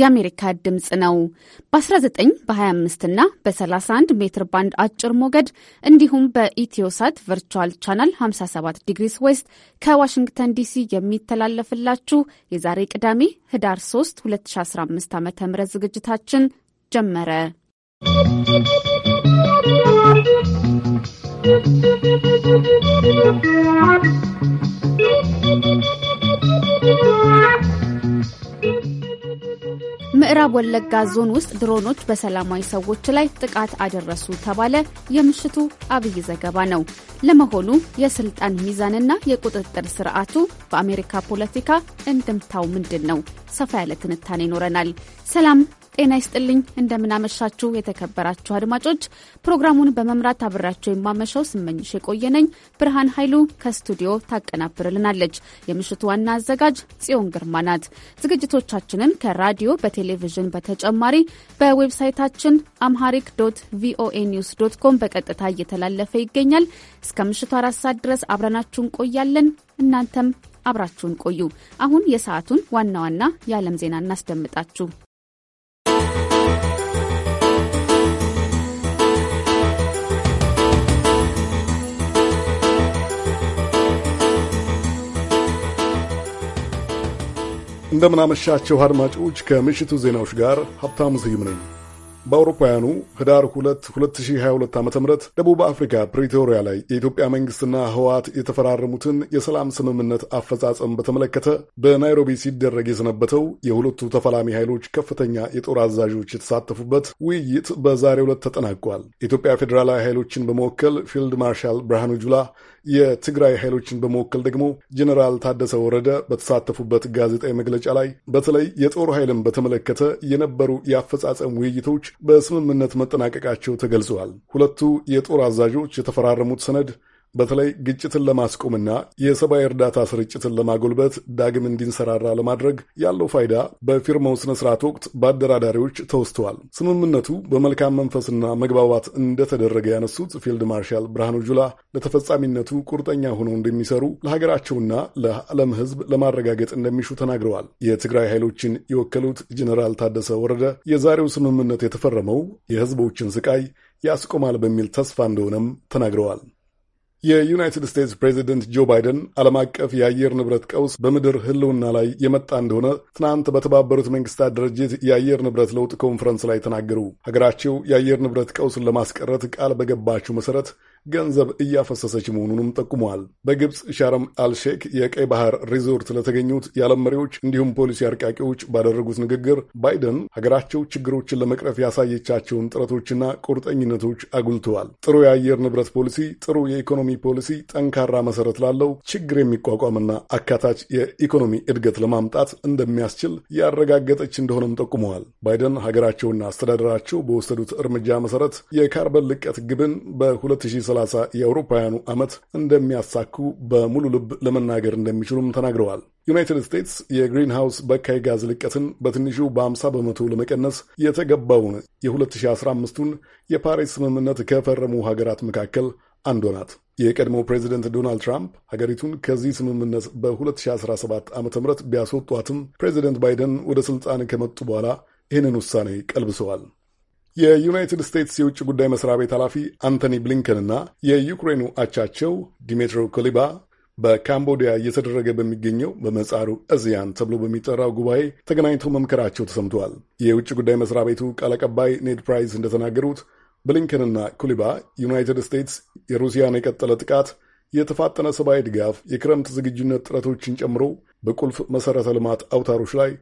የአሜሪካ ድምፅ ነው። በ19 በ25 እና በ31 ሜትር ባንድ አጭር ሞገድ እንዲሁም በኢትዮሳት ቨርቹዋል ቻናል 57 ዲግሪስ ዌስት ከዋሽንግተን ዲሲ የሚተላለፍላችሁ የዛሬ ቅዳሜ ህዳር 3 2015 ዓ ም ዝግጅታችን ጀመረ። ¶¶ ምዕራብ ወለጋ ዞን ውስጥ ድሮኖች በሰላማዊ ሰዎች ላይ ጥቃት አደረሱ ተባለ። የምሽቱ አብይ ዘገባ ነው። ለመሆኑ የስልጣን ሚዛንና የቁጥጥር ስርዓቱ በአሜሪካ ፖለቲካ እንድምታው ምንድን ነው? ሰፋ ያለ ትንታኔ ይኖረናል። ሰላም ጤና ይስጥልኝ። እንደምናመሻችሁ የተከበራችሁ አድማጮች፣ ፕሮግራሙን በመምራት አብራቸው የማመሻው ስመኝሽ የቆየነኝ። ብርሃን ኃይሉ ከስቱዲዮ ታቀናብርልናለች። የምሽቱ ዋና አዘጋጅ ጽዮን ግርማ ናት። ዝግጅቶቻችንን ከራዲዮ በቴሌቪዥን በተጨማሪ በዌብሳይታችን አምሃሪክ ዶት ቪኦኤ ኒውስ ዶት ኮም በቀጥታ እየተላለፈ ይገኛል። እስከ ምሽቱ አራት ሰዓት ድረስ አብረናችሁ እንቆያለን። እናንተም አብራችሁን ቆዩ። አሁን የሰዓቱን ዋና ዋና የዓለም ዜና እናስደምጣችሁ። እንደምናመሻቸው አድማጮች፣ ከምሽቱ ዜናዎች ጋር ሀብታሙ ስዩም ነኝ። በአውሮፓውያኑ ህዳር 2 2022 ዓ ም ደቡብ አፍሪካ ፕሪቶሪያ ላይ የኢትዮጵያ መንግስትና ህወሓት የተፈራረሙትን የሰላም ስምምነት አፈጻጸም በተመለከተ በናይሮቢ ሲደረግ የሰነበተው የሁለቱ ተፈላሚ ኃይሎች ከፍተኛ የጦር አዛዦች የተሳተፉበት ውይይት በዛሬው ዕለት ተጠናቋል። የኢትዮጵያ ፌዴራላዊ ኃይሎችን በመወከል ፊልድ ማርሻል ብርሃኑ ጁላ የትግራይ ኃይሎችን በመወከል ደግሞ ጀኔራል ታደሰ ወረደ በተሳተፉበት ጋዜጣዊ መግለጫ ላይ በተለይ የጦር ኃይልን በተመለከተ የነበሩ የአፈጻጸም ውይይቶች በስምምነት መጠናቀቃቸው ተገልጸዋል። ሁለቱ የጦር አዛዦች የተፈራረሙት ሰነድ በተለይ ግጭትን ለማስቆምና የሰብአዊ እርዳታ ስርጭትን ለማጎልበት ዳግም እንዲንሰራራ ለማድረግ ያለው ፋይዳ በፊርማው ስነ ስርዓት ወቅት በአደራዳሪዎች ተወስተዋል። ስምምነቱ በመልካም መንፈስና መግባባት እንደተደረገ ያነሱት ፊልድ ማርሻል ብርሃኑ ጁላ ለተፈጻሚነቱ ቁርጠኛ ሆነው እንደሚሰሩ ለሀገራቸውና ለዓለም ሕዝብ ለማረጋገጥ እንደሚሹ ተናግረዋል። የትግራይ ኃይሎችን የወከሉት ጀኔራል ታደሰ ወረደ የዛሬው ስምምነት የተፈረመው የህዝቦችን ስቃይ ያስቆማል በሚል ተስፋ እንደሆነም ተናግረዋል። የዩናይትድ ስቴትስ ፕሬዚደንት ጆ ባይደን ዓለም አቀፍ የአየር ንብረት ቀውስ በምድር ሕልውና ላይ የመጣ እንደሆነ ትናንት በተባበሩት መንግስታት ድርጅት የአየር ንብረት ለውጥ ኮንፈረንስ ላይ ተናገሩ። ሀገራቸው የአየር ንብረት ቀውስን ለማስቀረት ቃል በገባችው መሠረት ገንዘብ እያፈሰሰች መሆኑንም ጠቁመዋል። በግብፅ ሻረም አልሼክ የቀይ ባህር ሪዞርት ለተገኙት የዓለም መሪዎች እንዲሁም ፖሊሲ አርቃቂዎች ባደረጉት ንግግር ባይደን ሀገራቸው ችግሮችን ለመቅረፍ ያሳየቻቸውን ጥረቶችና ቁርጠኝነቶች አጉልተዋል። ጥሩ የአየር ንብረት ፖሊሲ፣ ጥሩ የኢኮኖሚ ፖሊሲ ጠንካራ መሰረት ላለው ችግር የሚቋቋምና አካታች የኢኮኖሚ እድገት ለማምጣት እንደሚያስችል ያረጋገጠች እንደሆነም ጠቁመዋል። ባይደን ሀገራቸውና አስተዳደራቸው በወሰዱት እርምጃ መሰረት የካርበን ልቀት ግብን በ 20 2030 የአውሮፓውያኑ ዓመት እንደሚያሳኩ በሙሉ ልብ ለመናገር እንደሚችሉም ተናግረዋል። ዩናይትድ ስቴትስ የግሪንሃውስ በካይ ጋዝ ልቀትን በትንሹ በ50 በመቶ ለመቀነስ የተገባውን የ2015ቱን የፓሪስ ስምምነት ከፈረሙ ሀገራት መካከል አንዷ ናት። የቀድሞው ፕሬዚደንት ዶናልድ ትራምፕ ሀገሪቱን ከዚህ ስምምነት በ2017 ዓ ም ቢያስወጧትም ፕሬዚደንት ባይደን ወደ ሥልጣን ከመጡ በኋላ ይህንን ውሳኔ ቀልብሰዋል። የዩናይትድ ስቴትስ የውጭ ጉዳይ መስሪያ ቤት ኃላፊ አንቶኒ ብሊንከንና የዩክሬኑ አቻቸው ዲሜትሮ ኮሊባ በካምቦዲያ እየተደረገ በሚገኘው በመጻሩ እዚያን ተብሎ በሚጠራው ጉባኤ ተገናኝተው መምከራቸው ተሰምተዋል። የውጭ ጉዳይ መስሪያ ቤቱ ቃል አቀባይ ኔድ ፕራይስ እንደተናገሩት ብሊንከንና ኩሊባ ዩናይትድ ስቴትስ የሩሲያን የቀጠለ ጥቃት፣ የተፋጠነ ሰብአዊ ድጋፍ፣ የክረምት ዝግጁነት ጥረቶችን ጨምሮ በቁልፍ መሠረተ ልማት አውታሮች ላይ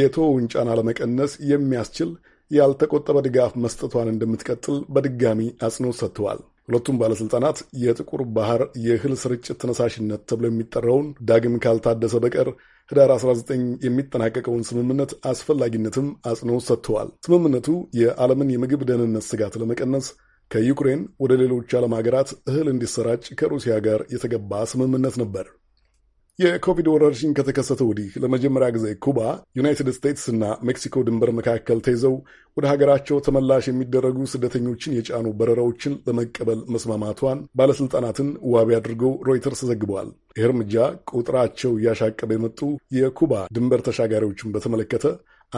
የተወውን ጫና ለመቀነስ የሚያስችል ያልተቆጠበ ድጋፍ መስጠቷን እንደምትቀጥል በድጋሚ አጽንኦት ሰጥተዋል። ሁለቱም ባለሥልጣናት የጥቁር ባህር የእህል ስርጭት ተነሳሽነት ተብሎ የሚጠራውን ዳግም ካልታደሰ በቀር ህዳር 19 የሚጠናቀቀውን ስምምነት አስፈላጊነትም አጽንኦት ሰጥተዋል። ስምምነቱ የዓለምን የምግብ ደህንነት ስጋት ለመቀነስ ከዩክሬን ወደ ሌሎች ዓለም ሀገራት እህል እንዲሰራጭ ከሩሲያ ጋር የተገባ ስምምነት ነበር። የኮቪድ ወረርሽኝ ከተከሰተ ወዲህ ለመጀመሪያ ጊዜ ኩባ፣ ዩናይትድ እና ሜክሲኮ ድንበር መካከል ተይዘው ወደ ሀገራቸው ተመላሽ የሚደረጉ ስደተኞችን የጫኑ በረራዎችን ለመቀበል መስማማቷን ባለስልጣናትን ዋቢ አድርገው ሮይተርስ ዘግበዋል። ይህ እርምጃ ቁጥራቸው እያሻቀበ የመጡ የኩባ ድንበር ተሻጋሪዎችን በተመለከተ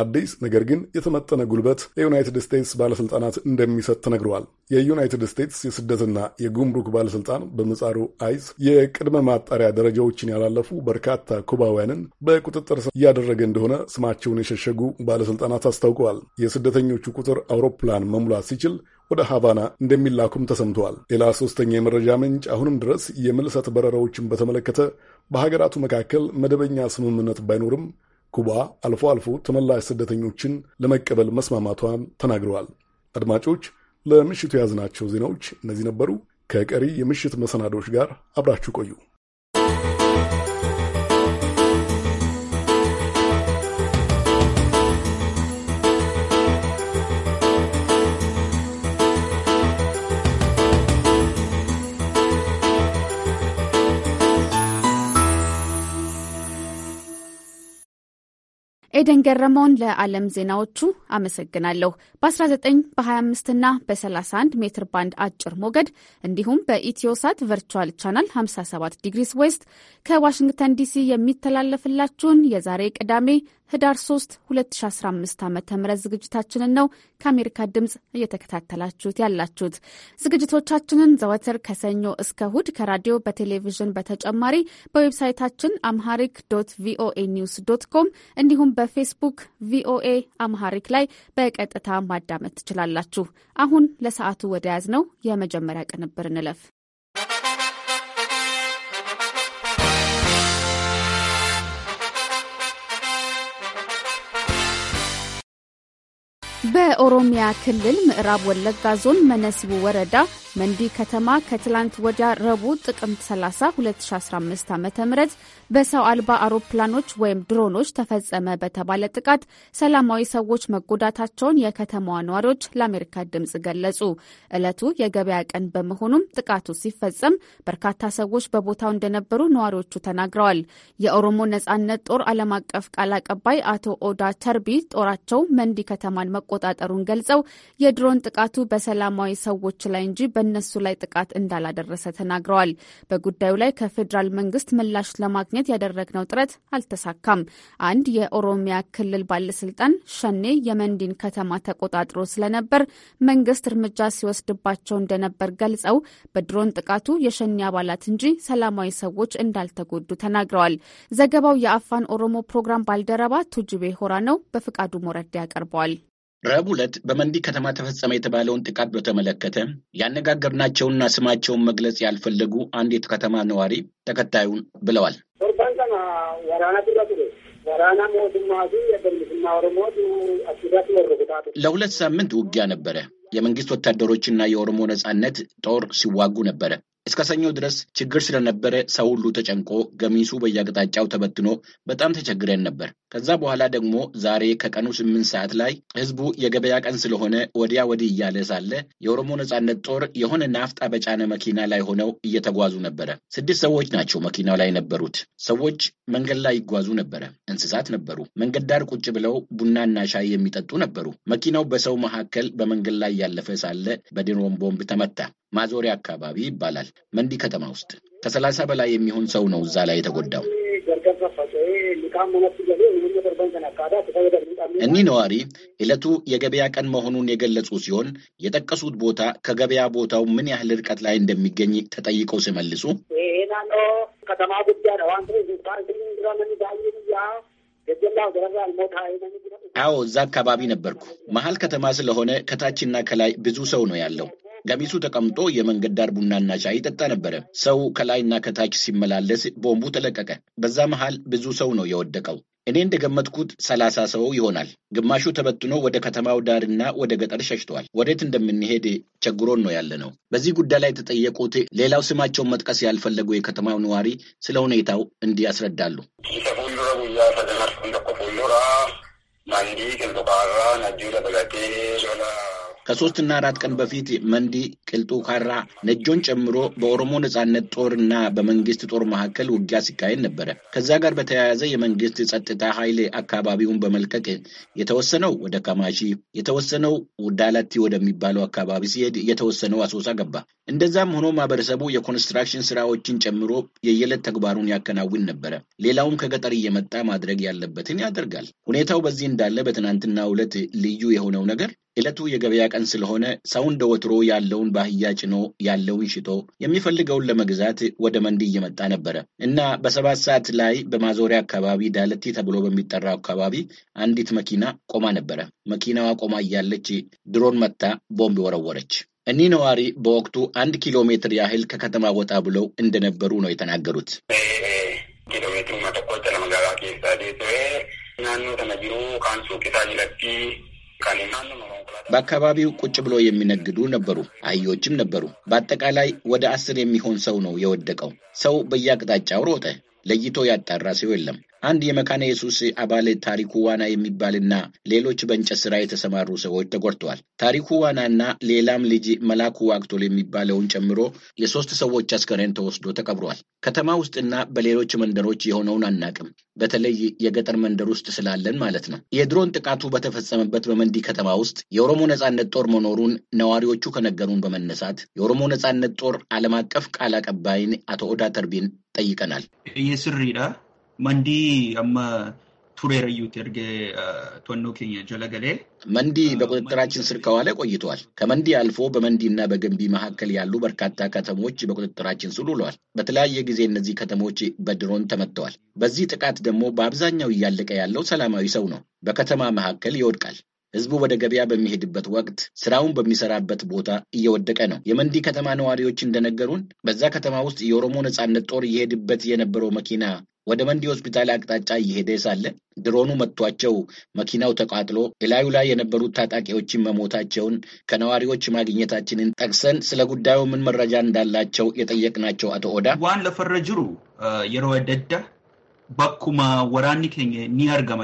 አዲስ ነገር ግን የተመጠነ ጉልበት ለዩናይትድ ስቴትስ ባለስልጣናት እንደሚሰጥ ተነግረዋል። የዩናይትድ ስቴትስ የስደትና የጉምሩክ ባለስልጣን በምጻሩ አይስ የቅድመ ማጣሪያ ደረጃዎችን ያላለፉ በርካታ ኩባውያንን በቁጥጥር ስር እያደረገ እንደሆነ ስማቸውን የሸሸጉ ባለስልጣናት አስታውቀዋል። የስደተኞቹ ቁጥር አውሮፕላን መሙላት ሲችል ወደ ሃቫና እንደሚላኩም ተሰምተዋል። ሌላ ሶስተኛ የመረጃ ምንጭ አሁንም ድረስ የምልሰት በረራዎችን በተመለከተ በሀገራቱ መካከል መደበኛ ስምምነት ባይኖርም ኩባ አልፎ አልፎ ተመላሽ ስደተኞችን ለመቀበል መስማማቷን ተናግረዋል። አድማጮች ለምሽቱ የያዝናቸው ዜናዎች እነዚህ ነበሩ። ከቀሪ የምሽት መሰናዶች ጋር አብራችሁ ቆዩ። ኤደን ገረመውን ለዓለም ዜናዎቹ አመሰግናለሁ። በ19 በ25 እና በ31 ሜትር ባንድ አጭር ሞገድ እንዲሁም በኢትዮሳት ቨርቹዋል ቻናል 57 ዲግሪስ ዌስት ከዋሽንግተን ዲሲ የሚተላለፍላችሁን የዛሬ ቅዳሜ ህዳር 3 2015 ዓ ም ዝግጅታችንን ነው ከአሜሪካ ድምፅ እየተከታተላችሁት ያላችሁት። ዝግጅቶቻችንን ዘወትር ከሰኞ እስከ እሁድ ከራዲዮ በቴሌቪዥን በተጨማሪ በዌብሳይታችን አምሃሪክ ዶት ቪኦኤ ኒውስ ዶት ኮም እንዲሁም በፌስቡክ ቪኦኤ አምሃሪክ ላይ በቀጥታ ማዳመጥ ትችላላችሁ። አሁን ለሰዓቱ ወደ ያዝ ነው የመጀመሪያ ቅንብር እንለፍ። በኦሮሚያ ክልል ምዕራብ ወለጋ ዞን መነሲቡ ወረዳ መንዲ ከተማ ከትላንት ወዲያ ረቡዕ ጥቅምት 30 2015 ዓ ም በሰው አልባ አውሮፕላኖች ወይም ድሮኖች ተፈጸመ በተባለ ጥቃት ሰላማዊ ሰዎች መጎዳታቸውን የከተማዋ ነዋሪዎች ለአሜሪካ ድምፅ ገለጹ። ዕለቱ የገበያ ቀን በመሆኑም ጥቃቱ ሲፈጸም በርካታ ሰዎች በቦታው እንደነበሩ ነዋሪዎቹ ተናግረዋል። የኦሮሞ ነጻነት ጦር ዓለም አቀፍ ቃል አቀባይ አቶ ኦዳ ተርቢ ጦራቸው መንዲ ከተማን መቆጣጠሩን ገልጸው የድሮን ጥቃቱ በሰላማዊ ሰዎች ላይ እንጂ በእነሱ ላይ ጥቃት እንዳላደረሰ ተናግረዋል። በጉዳዩ ላይ ከፌዴራል መንግስት ምላሽ ለማግኘት ያደረግነው ጥረት አልተሳካም። አንድ የኦሮሚያ ክልል ባለስልጣን ሸኔ የመንዲን ከተማ ተቆጣጥሮ ስለነበር መንግስት እርምጃ ሲወስድባቸው እንደነበር ገልጸው በድሮን ጥቃቱ የሸኔ አባላት እንጂ ሰላማዊ ሰዎች እንዳልተጎዱ ተናግረዋል። ዘገባው የአፋን ኦሮሞ ፕሮግራም ባልደረባ ቱጅቤ ሆራ ነው። በፍቃዱ ሞረዳ ያቀርበዋል። ረቡዕ ዕለት በመንዲ ከተማ ተፈጸመ የተባለውን ጥቃት በተመለከተ ያነጋገርናቸውና ስማቸውን መግለጽ ያልፈለጉ አንድ ከተማ ነዋሪ ተከታዩን ብለዋል። ለሁለት ሳምንት ውጊያ ነበረ። የመንግስት ወታደሮችና የኦሮሞ ነጻነት ጦር ሲዋጉ ነበረ። እስከ ሰኞ ድረስ ችግር ስለነበረ ሰው ሁሉ ተጨንቆ ገሚሱ በየአቅጣጫው ተበትኖ በጣም ተቸግረን ነበር። ከዛ በኋላ ደግሞ ዛሬ ከቀኑ ስምንት ሰዓት ላይ ህዝቡ የገበያ ቀን ስለሆነ ወዲያ ወዲህ እያለ ሳለ የኦሮሞ ነጻነት ጦር የሆነ ናፍጣ በጫነ መኪና ላይ ሆነው እየተጓዙ ነበረ። ስድስት ሰዎች ናቸው መኪናው ላይ የነበሩት። ሰዎች መንገድ ላይ ይጓዙ ነበረ። እንስሳት ነበሩ። መንገድ ዳር ቁጭ ብለው ቡናና ሻይ የሚጠጡ ነበሩ። መኪናው በሰው መካከል በመንገድ ላይ ያለፈ ሳለ በድሮን ቦምብ ተመታ። ማዞሪያ አካባቢ ይባላል መንዲ ከተማ ውስጥ ከሰላሳ በላይ የሚሆን ሰው ነው እዛ ላይ የተጎዳው። እኒህ ነዋሪ ዕለቱ የገበያ ቀን መሆኑን የገለጹ ሲሆን የጠቀሱት ቦታ ከገበያ ቦታው ምን ያህል ርቀት ላይ እንደሚገኝ ተጠይቀው ሲመልሱ አዎ እዛ አካባቢ ነበርኩ። መሀል ከተማ ስለሆነ ከታችና ከላይ ብዙ ሰው ነው ያለው። ገሚሱ ተቀምጦ የመንገድ ዳር ቡናና ሻይ ይጠጣ ነበረ። ሰው ከላይና ከታች ሲመላለስ ቦምቡ ተለቀቀ። በዛ መሃል ብዙ ሰው ነው የወደቀው። እኔ እንደገመትኩት ሰላሳ ሰው ይሆናል። ግማሹ ተበትኖ ወደ ከተማው ዳርና ወደ ገጠር ሸሽተዋል። ወዴት እንደምንሄድ ቸግሮን ነው ያለ ነው። በዚህ ጉዳይ ላይ የተጠየቁት ሌላው ስማቸውን መጥቀስ ያልፈለጉ የከተማው ነዋሪ ስለ ሁኔታው እንዲህ ያስረዳሉ። ከሶስትና አራት ቀን በፊት መንዲ፣ ቅልጡ ካራ፣ ነጆን ጨምሮ በኦሮሞ ነጻነት ጦር እና በመንግስት ጦር መካከል ውጊያ ሲካሄድ ነበረ። ከዛ ጋር በተያያዘ የመንግስት ጸጥታ ኃይል አካባቢውን በመልቀቅ የተወሰነው ወደ ከማሺ፣ የተወሰነው ውዳላቲ ወደሚባለው አካባቢ ሲሄድ፣ የተወሰነው አሶሳ ገባ። እንደዛም ሆኖ ማህበረሰቡ የኮንስትራክሽን ስራዎችን ጨምሮ የየዕለት ተግባሩን ያከናውን ነበረ። ሌላውም ከገጠር እየመጣ ማድረግ ያለበትን ያደርጋል። ሁኔታው በዚህ እንዳለ በትናንትናው ዕለት ልዩ የሆነው ነገር ዕለቱ የገበያ ቀን ስለሆነ ሰው እንደ ወትሮ ያለውን ባህያ ጭኖ ያለውን ሽጦ የሚፈልገውን ለመግዛት ወደ መንዲ እየመጣ ነበረ እና በሰባት ሰዓት ላይ በማዞሪያ አካባቢ ዳለቲ ተብሎ በሚጠራው አካባቢ አንዲት መኪና ቆማ ነበረ። መኪናዋ ቆማ እያለች ድሮን መታ ቦምብ ወረወረች። እኒህ ነዋሪ በወቅቱ አንድ ኪሎ ሜትር ያህል ከከተማ ወጣ ብለው እንደነበሩ ነው የተናገሩት። ኪሎሜትሩ መተቆጨ ለመጋባ ኬሳ ናኖ ተነጅሩ ከአንሱ ሱቅ ጅለቲ በአካባቢው ቁጭ ብሎ የሚነግዱ ነበሩ፣ አህዮችም ነበሩ። በአጠቃላይ ወደ አስር የሚሆን ሰው ነው የወደቀው። ሰው በየአቅጣጫው ሮጠ። ለይቶ ያጣራ ሰው የለም። አንድ የመካነ ኢየሱስ አባል ታሪኩ ዋና የሚባልና ሌሎች በእንጨት ስራ የተሰማሩ ሰዎች ተጎድተዋል። ታሪኩ ዋናና ሌላም ልጅ መላኩ ዋቅቶል የሚባለውን ጨምሮ የሶስት ሰዎች አስከሬን ተወስዶ ተቀብሯል። ከተማ ውስጥና በሌሎች መንደሮች የሆነውን አናቅም። በተለይ የገጠር መንደር ውስጥ ስላለን ማለት ነው። የድሮን ጥቃቱ በተፈጸመበት በመንዲ ከተማ ውስጥ የኦሮሞ ነጻነት ጦር መኖሩን ነዋሪዎቹ ከነገሩን በመነሳት የኦሮሞ ነጻነት ጦር ዓለም አቀፍ ቃል አቀባይን አቶ ኦዳ ተርቢን ጠይቀናል። ይህ ስሪዳ Mandii amma ቱሬረዩት የርጌ ቶኖኬኛ ጀለገሌ መንዲ በቁጥጥራችን ስር ከዋለ ቆይተዋል። ከመንዲ አልፎ በመንዲ እና በገንቢ መካከል ያሉ በርካታ ከተሞች በቁጥጥራችን ስር ውለዋል። በተለያየ ጊዜ እነዚህ ከተሞች በድሮን ተመትተዋል። በዚህ ጥቃት ደግሞ በአብዛኛው እያለቀ ያለው ሰላማዊ ሰው ነው። በከተማ መካከል ይወድቃል። ህዝቡ ወደ ገበያ በሚሄድበት ወቅት ስራውን በሚሰራበት ቦታ እየወደቀ ነው። የመንዲ ከተማ ነዋሪዎች እንደነገሩን በዛ ከተማ ውስጥ የኦሮሞ ነጻነት ጦር እየሄድበት የነበረው መኪና ወደ መንዲ ሆስፒታል አቅጣጫ እየሄደ ሳለ ድሮኑ መጥቷቸው መኪናው ተቃጥሎ እላዩ ላይ የነበሩት ታጣቂዎችን መሞታቸውን ከነዋሪዎች ማግኘታችንን ጠቅሰን ስለ ጉዳዩ ምን መረጃ እንዳላቸው የጠየቅናቸው አቶ ኦዳ ዋን ለፈረጅሩ ጅሩ በኩማ ወራኒ ኬኘ ኒ አርገመ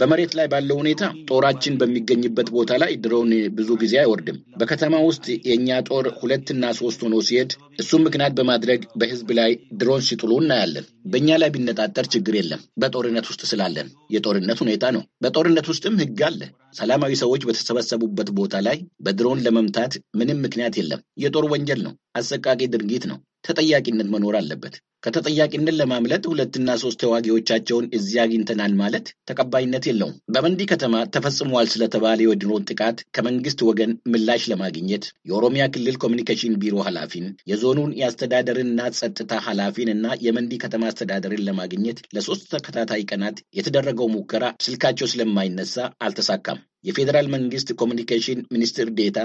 በመሬት ላይ ባለው ሁኔታ ጦራችን በሚገኝበት ቦታ ላይ ድሮን ብዙ ጊዜ አይወርድም። በከተማ ውስጥ የእኛ ጦር ሁለትና ሶስት ሆኖ ሲሄድ እሱም ምክንያት በማድረግ በህዝብ ላይ ድሮን ሲጥሉ እናያለን። በእኛ ላይ ቢነጣጠር ችግር የለም፣ በጦርነት ውስጥ ስላለን። የጦርነት ሁኔታ ነው። በጦርነት ውስጥም ህግ አለ። ሰላማዊ ሰዎች በተሰበሰቡበት ቦታ ላይ በድሮን ለመምታት ምንም ምክንያት የለም። የጦር ወንጀል ነው። አሰቃቂ ድርጊት ነው። ተጠያቂነት መኖር አለበት። ከተጠያቂነት ለማምለጥ ሁለትና ሶስት ተዋጊዎቻቸውን እዚያ አግኝተናል ማለት ተቀባይነት የለውም። በመንዲ ከተማ ተፈጽሟል ስለተባለ የድሮን ጥቃት ከመንግስት ወገን ምላሽ ለማግኘት የኦሮሚያ ክልል ኮሚኒኬሽን ቢሮ ኃላፊን፣ የዞኑን የአስተዳደርንና ጸጥታ ኃላፊን እና የመንዲ ከተማ አስተዳደርን ለማግኘት ለሶስት ተከታታይ ቀናት የተደረገው ሙከራ ስልካቸው ስለማይነሳ አልተሳካም። የፌዴራል መንግስት ኮሚኒኬሽን ሚኒስትር ዴታ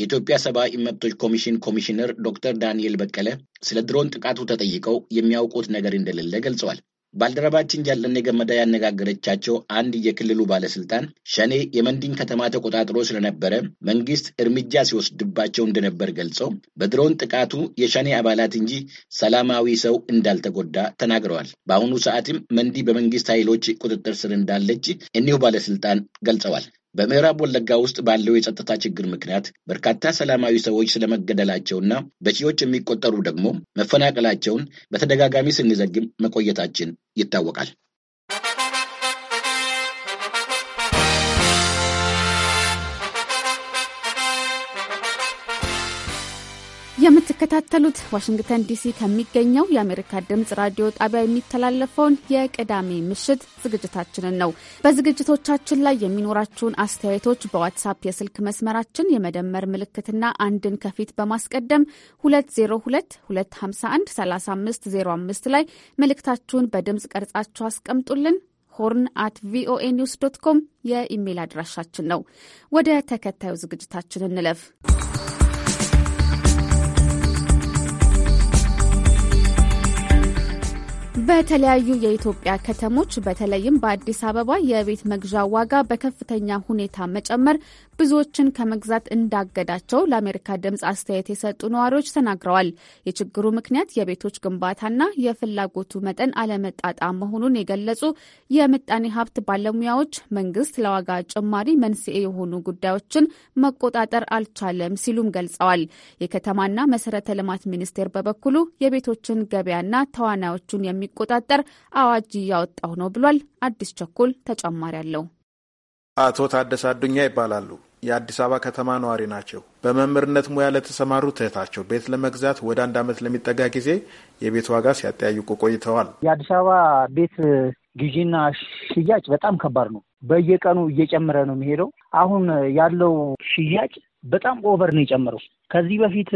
የኢትዮጵያ ሰብአዊ መብቶች ኮሚሽን ኮሚሽነር ዶክተር ዳንኤል በቀለ ስለ ድሮን ጥቃቱ ተጠይቀው የሚያውቁት ነገር እንደሌለ ገልጸዋል። ባልደረባችን ጃለኔ ገመዳ ያነጋገረቻቸው አንድ የክልሉ ባለስልጣን ሸኔ የመንዲን ከተማ ተቆጣጥሮ ስለነበረ መንግስት እርምጃ ሲወስድባቸው እንደነበር ገልጸው በድሮን ጥቃቱ የሸኔ አባላት እንጂ ሰላማዊ ሰው እንዳልተጎዳ ተናግረዋል። በአሁኑ ሰዓትም መንዲ በመንግስት ኃይሎች ቁጥጥር ስር እንዳለች እኒሁ ባለስልጣን ገልጸዋል። በምዕራብ ወለጋ ውስጥ ባለው የጸጥታ ችግር ምክንያት በርካታ ሰላማዊ ሰዎች ስለመገደላቸውና በሺዎች የሚቆጠሩ ደግሞ መፈናቀላቸውን በተደጋጋሚ ስንዘግብ መቆየታችን ይታወቃል። የምትከታተሉት ዋሽንግተን ዲሲ ከሚገኘው የአሜሪካ ድምፅ ራዲዮ ጣቢያ የሚተላለፈውን የቅዳሜ ምሽት ዝግጅታችንን ነው። በዝግጅቶቻችን ላይ የሚኖራችሁን አስተያየቶች በዋትሳፕ የስልክ መስመራችን የመደመር ምልክትና አንድን ከፊት በማስቀደም 2022513505 ላይ መልእክታችሁን በድምፅ ቀርጻችሁ አስቀምጡልን። ሆርን አት ቪኦኤ ኒውስ ዶት ኮም የኢሜይል አድራሻችን ነው። ወደ ተከታዩ ዝግጅታችን እንለፍ። በተለያዩ የኢትዮጵያ ከተሞች በተለይም በአዲስ አበባ የቤት መግዣ ዋጋ በከፍተኛ ሁኔታ መጨመር ብዙዎችን ከመግዛት እንዳገዳቸው ለአሜሪካ ድምፅ አስተያየት የሰጡ ነዋሪዎች ተናግረዋል። የችግሩ ምክንያት የቤቶች ግንባታና የፍላጎቱ መጠን አለመጣጣም መሆኑን የገለጹ የምጣኔ ሀብት ባለሙያዎች መንግስት ለዋጋ ጭማሪ መንስኤ የሆኑ ጉዳዮችን መቆጣጠር አልቻለም ሲሉም ገልጸዋል። የከተማና መሰረተ ልማት ሚኒስቴር በበኩሉ የቤቶችን ገበያና ተዋናዮቹን የሚቆጣጠር አዋጅ እያወጣው ነው ብሏል። አዲስ ቸኩል ተጨማሪ አለው። አቶ ታደሰ አዱኛ ይባላሉ። የአዲስ አበባ ከተማ ነዋሪ ናቸው። በመምህርነት ሙያ ለተሰማሩ እህታቸው ቤት ለመግዛት ወደ አንድ ዓመት ለሚጠጋ ጊዜ የቤት ዋጋ ሲያጠያይቁ ቆይተዋል። የአዲስ አበባ ቤት ግዢና ሽያጭ በጣም ከባድ ነው። በየቀኑ እየጨመረ ነው የሚሄደው። አሁን ያለው ሽያጭ በጣም ኦቨር ነው የጨመረው። ከዚህ በፊት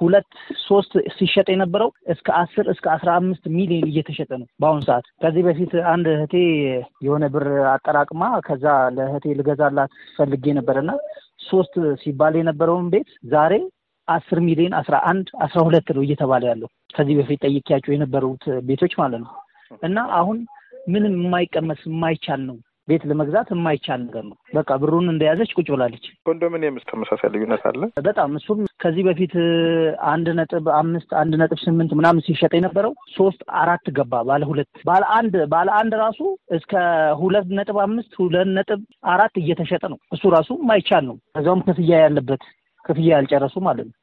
ሁለት ሶስት ሲሸጥ የነበረው እስከ አስር እስከ አስራ አምስት ሚሊዮን እየተሸጠ ነው በአሁኑ ሰዓት። ከዚህ በፊት አንድ እህቴ የሆነ ብር አጠራቅማ ከዛ ለእህቴ ልገዛላት ፈልጌ ነበረና ሶስት ሲባል የነበረውን ቤት ዛሬ አስር ሚሊዮን አስራ አንድ አስራ ሁለት ነው እየተባለ ያለው ከዚህ በፊት ጠይቄያቸው የነበሩት ቤቶች ማለት ነው እና አሁን ምንም የማይቀመስ የማይቻል ነው ቤት ለመግዛት የማይቻል ነገር ነው። በቃ ብሩን እንደያዘች ቁጭ ብላለች። ኮንዶሚኒየም ተመሳሳይ ልዩነት አለ በጣም እሱም ከዚህ በፊት አንድ ነጥብ አምስት አንድ ነጥብ ስምንት ምናምን ሲሸጥ የነበረው ሶስት አራት ገባ። ባለ ሁለት ባለ አንድ ባለ አንድ ራሱ እስከ ሁለት ነጥብ አምስት ሁለት ነጥብ አራት እየተሸጠ ነው። እሱ ራሱ ማይቻል ነው። ከዚያውም ክፍያ ያለበት ክፍያ ያልጨረሱ ማለት ነው።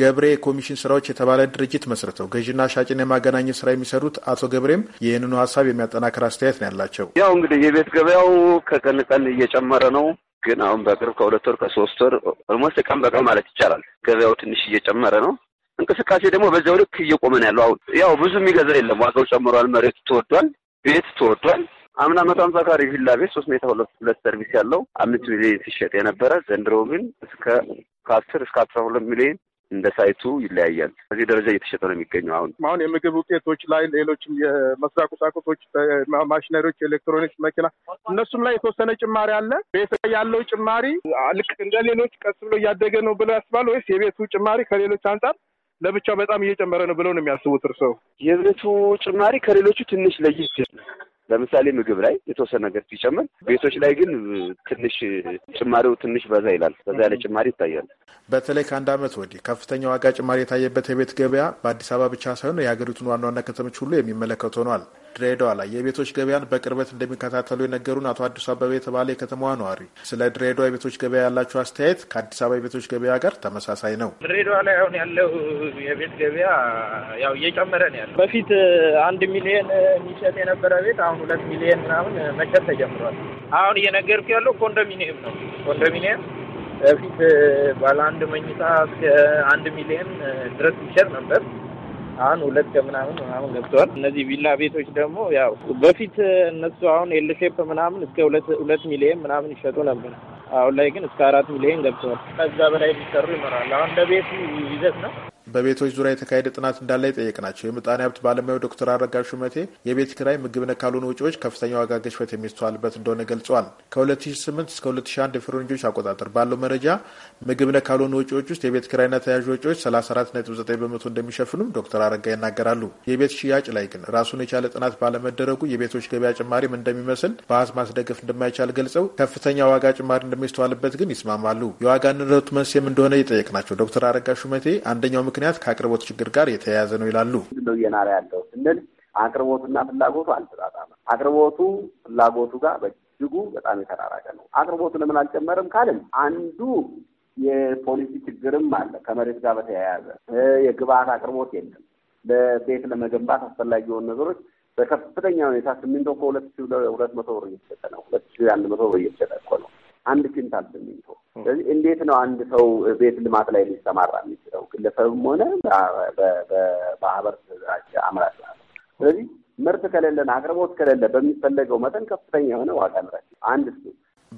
ገብሬ የኮሚሽን ስራዎች የተባለ ድርጅት መስርተው ገዥና ሻጭን የማገናኘት ስራ የሚሰሩት አቶ ገብሬም ይህንኑ ሀሳብ የሚያጠናክር አስተያየት ነው ያላቸው። ያው እንግዲህ የቤት ገበያው ከቀን ቀን እየጨመረ ነው። ግን አሁን በቅርብ ከሁለት ወር ከሶስት ወር ኦልሞስት ቀን በቀን ማለት ይቻላል ገበያው ትንሽ እየጨመረ ነው። እንቅስቃሴ ደግሞ በዚያው ልክ እየቆመ ነው ያለው። አሁን ያው ብዙ የሚገዛ የለም። ዋጋው ጨምሯል። መሬቱ ተወዷል። ቤት ተወዷል። አምና መቶ አምሳ ካሬ ቪላ ቤት ሶስት ሜትር ሁለት ሁለት ሰርቪስ ያለው አምስት ሚሊዮን ሲሸጥ የነበረ ዘንድሮ ግን እስከ ከአስር እስከ አስራ ሁለት ሚሊዮን እንደ ሳይቱ ይለያያል። በዚህ ደረጃ እየተሸጠ ነው የሚገኘው። አሁን አሁን የምግብ ውጤቶች ላይ ሌሎችም የመስሪያ ቁሳቁሶች፣ ማሽነሪዎች፣ ኤሌክትሮኒክስ፣ መኪና እነሱም ላይ የተወሰነ ጭማሪ አለ። ቤት ላይ ያለው ጭማሪ ልክ እንደ ሌሎች ቀስ ብሎ እያደገ ነው ብለው ያስባል ወይስ የቤቱ ጭማሪ ከሌሎች አንጻር ለብቻው በጣም እየጨመረ ነው ብለው ነው የሚያስቡት? እርስዎ የቤቱ ጭማሪ ከሌሎቹ ትንሽ ለየት ለምሳሌ ምግብ ላይ የተወሰነ ነገር ሲጨምር፣ ቤቶች ላይ ግን ትንሽ ጭማሪው ትንሽ በዛ ይላል። በዛ ያለ ጭማሪ ይታያል። በተለይ ከአንድ ዓመት ወዲህ ከፍተኛ ዋጋ ጭማሪ የታየበት የቤት ገበያ በአዲስ አበባ ብቻ ሳይሆን የሀገሪቱን ዋና ዋና ከተሞች ሁሉ የሚመለከት ሆኗል። ድሬዳዋ ላይ የቤቶች ገበያን በቅርበት እንደሚከታተሉ የነገሩን አቶ አዲሱ አበበ የተባለ የከተማዋ ነዋሪ ስለ ድሬዳዋ የቤቶች ገበያ ያላቸው አስተያየት ከአዲስ አበባ የቤቶች ገበያ ጋር ተመሳሳይ ነው። ድሬዳዋ ላይ አሁን ያለው የቤት ገበያ ያው እየጨመረ ነው ያለው። በፊት አንድ ሚሊዮን የሚሸጥ የነበረ ቤት አሁን ሁለት ሚሊዮን ምናምን መሸጥ ተጀምሯል። አሁን እየነገርኩ ያለው ኮንዶሚኒየም ነው። ኮንዶሚኒየም በፊት ባለ አንድ መኝታ እስከ አንድ ሚሊዮን ድረስ ይሸጥ ነበር። አሁን ሁለት ከምናምን ምናምን ገብተዋል። እነዚህ ቪላ ቤቶች ደግሞ ያው በፊት እነሱ አሁን ኤልሼፕ ምናምን እስከ ሁለት ሚሊየን ምናምን ይሸጡ ነበር። አሁን ላይ ግን እስከ አራት ሚሊዮን ገብተዋል። ከዛ በላይ የሚሰሩ ይመራል። አሁን ለቤቱ ይዘት ነው በቤቶች ዙሪያ የተካሄደ ጥናት እንዳለ የጠየቅናቸው የምጣኔ ሀብት ባለሙያው ዶክተር አረጋ ሹመቴ የቤት ኪራይ ምግብ ነክ ውጪዎች ወጪዎች ከፍተኛ ዋጋ ግሽበት የሚስተዋልበት እንደሆነ ገልጸዋል። ከ2008 እስከ 2001 የፈረንጆች አቆጣጠር ባለው መረጃ ምግብ ነክ ውጪዎች ወጪዎች ውስጥ የቤት ኪራይና ተያዥ ወጪዎች 34.9 በመቶ እንደሚሸፍኑም ዶክተር አረጋ ይናገራሉ። የቤት ሽያጭ ላይ ግን ራሱን የቻለ ጥናት ባለመደረጉ የቤቶች ገበያ ጭማሪም እንደሚመስል በሀዝ ማስደገፍ እንደማይቻል ገልጸው ከፍተኛ ዋጋ ጭማሪ እንደሚስተዋልበት ግን ይስማማሉ። የዋጋ ንረቱ መንስኤም እንደሆነ የጠየቅናቸው ዶክተር አረጋ ሹመቴ አንደኛው ምክንያት ከአቅርቦት ችግር ጋር የተያያዘ ነው ይላሉ። ነው እየናረ ያለው ስንል አቅርቦቱና ፍላጎቱ አልተጣጣመ። አቅርቦቱ ፍላጎቱ ጋር በእጅጉ በጣም የተራራቀ ነው። አቅርቦቱ ለምን አልጨመርም ካልን አንዱ የፖሊሲ ችግርም አለ ከመሬት ጋር በተያያዘ የግብአት አቅርቦት የለም። ለቤት ለመገንባት አስፈላጊ የሆኑ ነገሮች በከፍተኛ ሁኔታ ሲሚንቶ ሁለት ሺ ሁለት መቶ ብር እየተሸጠ ነው። ሁለት ሺ አንድ መቶ ብር እየተሸጠ እኮ ነው አንድ ኩንታል ሲሚንቶ። ስለዚህ እንዴት ነው አንድ ሰው ቤት ልማት ላይ ሊሰማራ በግለሰብም ሆነ በማህበር አምራች ማለት ነው። ስለዚህ ምርት ከሌለን አቅርቦት ከሌለ በሚፈለገው መጠን ከፍተኛ የሆነ ዋጋ ንረት አንድ እሱ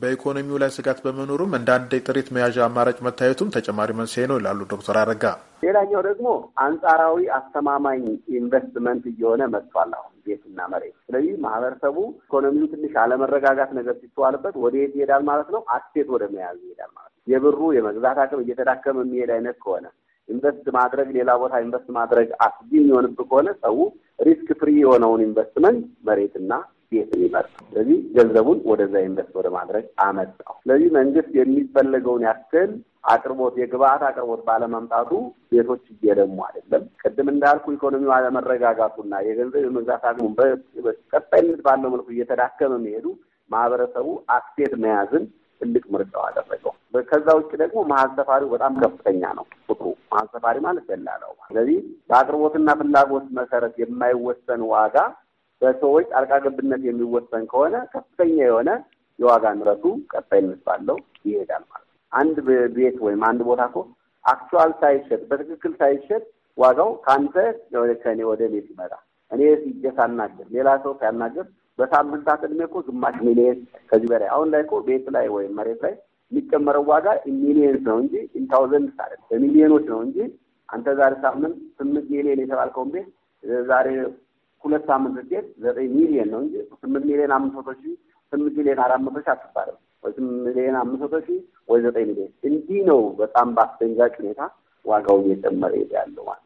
በኢኮኖሚው ላይ ስጋት በመኖሩም እንደ አንድ የጥሪት መያዣ አማራጭ መታየቱም ተጨማሪ መንስኤ ነው ይላሉ ዶክተር አረጋ። ሌላኛው ደግሞ አንጻራዊ አስተማማኝ ኢንቨስትመንት እየሆነ መጥቷል አሁን ቤትና መሬት። ስለዚህ ማህበረሰቡ ኢኮኖሚው ትንሽ አለመረጋጋት ነገር ሲተዋልበት ወደ የት ይሄዳል ማለት ነው? አስቴት ወደ መያዝ ይሄዳል ማለት ነው። የብሩ የመግዛት አቅም እየተዳከመ የሚሄድ አይነት ከሆነ ኢንቨስት ማድረግ ሌላ ቦታ ኢንቨስት ማድረግ አስጊ የሚሆንብህ ከሆነ ሰው ሪስክ ፍሪ የሆነውን ኢንቨስትመንት መሬትና ቤት ይመርጥ። ስለዚህ ገንዘቡን ወደዛ ኢንቨስት ወደ ማድረግ አመጣው። ስለዚህ መንግስት የሚፈለገውን ያክል አቅርቦት የግብአት አቅርቦት ባለመምጣቱ ቤቶች እየደሙ አይደለም። ቅድም እንዳልኩ ኢኮኖሚው አለመረጋጋቱና የገንዘብ የመግዛት አቅሙ በቀጣይነት ባለው መልኩ እየተዳከመ መሄዱ ማህበረሰቡ አክሴት መያዝን ትልቅ ምርጫው አደረገው። ከዛ ውጭ ደግሞ መሀል ሰፋሪው በጣም ከፍተኛ ነው ቁጥሩ። መሀል ሰፋሪ ማለት ደላላው። ስለዚህ በአቅርቦትና ፍላጎት መሰረት የማይወሰን ዋጋ በሰዎች ጣልቃ ገብነት የሚወሰን ከሆነ ከፍተኛ የሆነ የዋጋ ንረቱ ቀጣይነት ባለው ይሄዳል ማለት ነው። አንድ ቤት ወይም አንድ ቦታ እኮ አክቹዋል ሳይሸጥ በትክክል ሳይሸጥ ዋጋው ከአንተ ከእኔ ወደ እኔ ሲመጣ እኔ ሲጀ ሳናገር ሌላ ሰው ሳያናገር በሳምንታት እድሜ እኮ ግማሽ ሚሊየን ከዚህ በላይ አሁን ላይ እኮ ቤት ላይ ወይም መሬት ላይ የሚጨመረው ዋጋ ሚሊየንስ ነው እንጂ ኢንታውዘንድ ሳለ በሚሊዮኖች ነው እንጂ አንተ ዛሬ ሳምንት ስምንት ሚሊየን የተባልከውን ቤት ዛሬ ሁለት ሳምንት ስትሄድ ዘጠኝ ሚሊየን ነው እንጂ ስምንት ሚሊየን አምስት መቶ ሺህ ስምንት ሚሊየን አራት መቶ ሺህ አትባለም ወይ ስምንት ሚሊየን አምስት መቶ ሺህ ወይ ዘጠኝ ሚሊየን እንዲህ ነው። በጣም በአስደንጋጭ ሁኔታ ዋጋው እየጨመረ ሄደ ያለው ማለት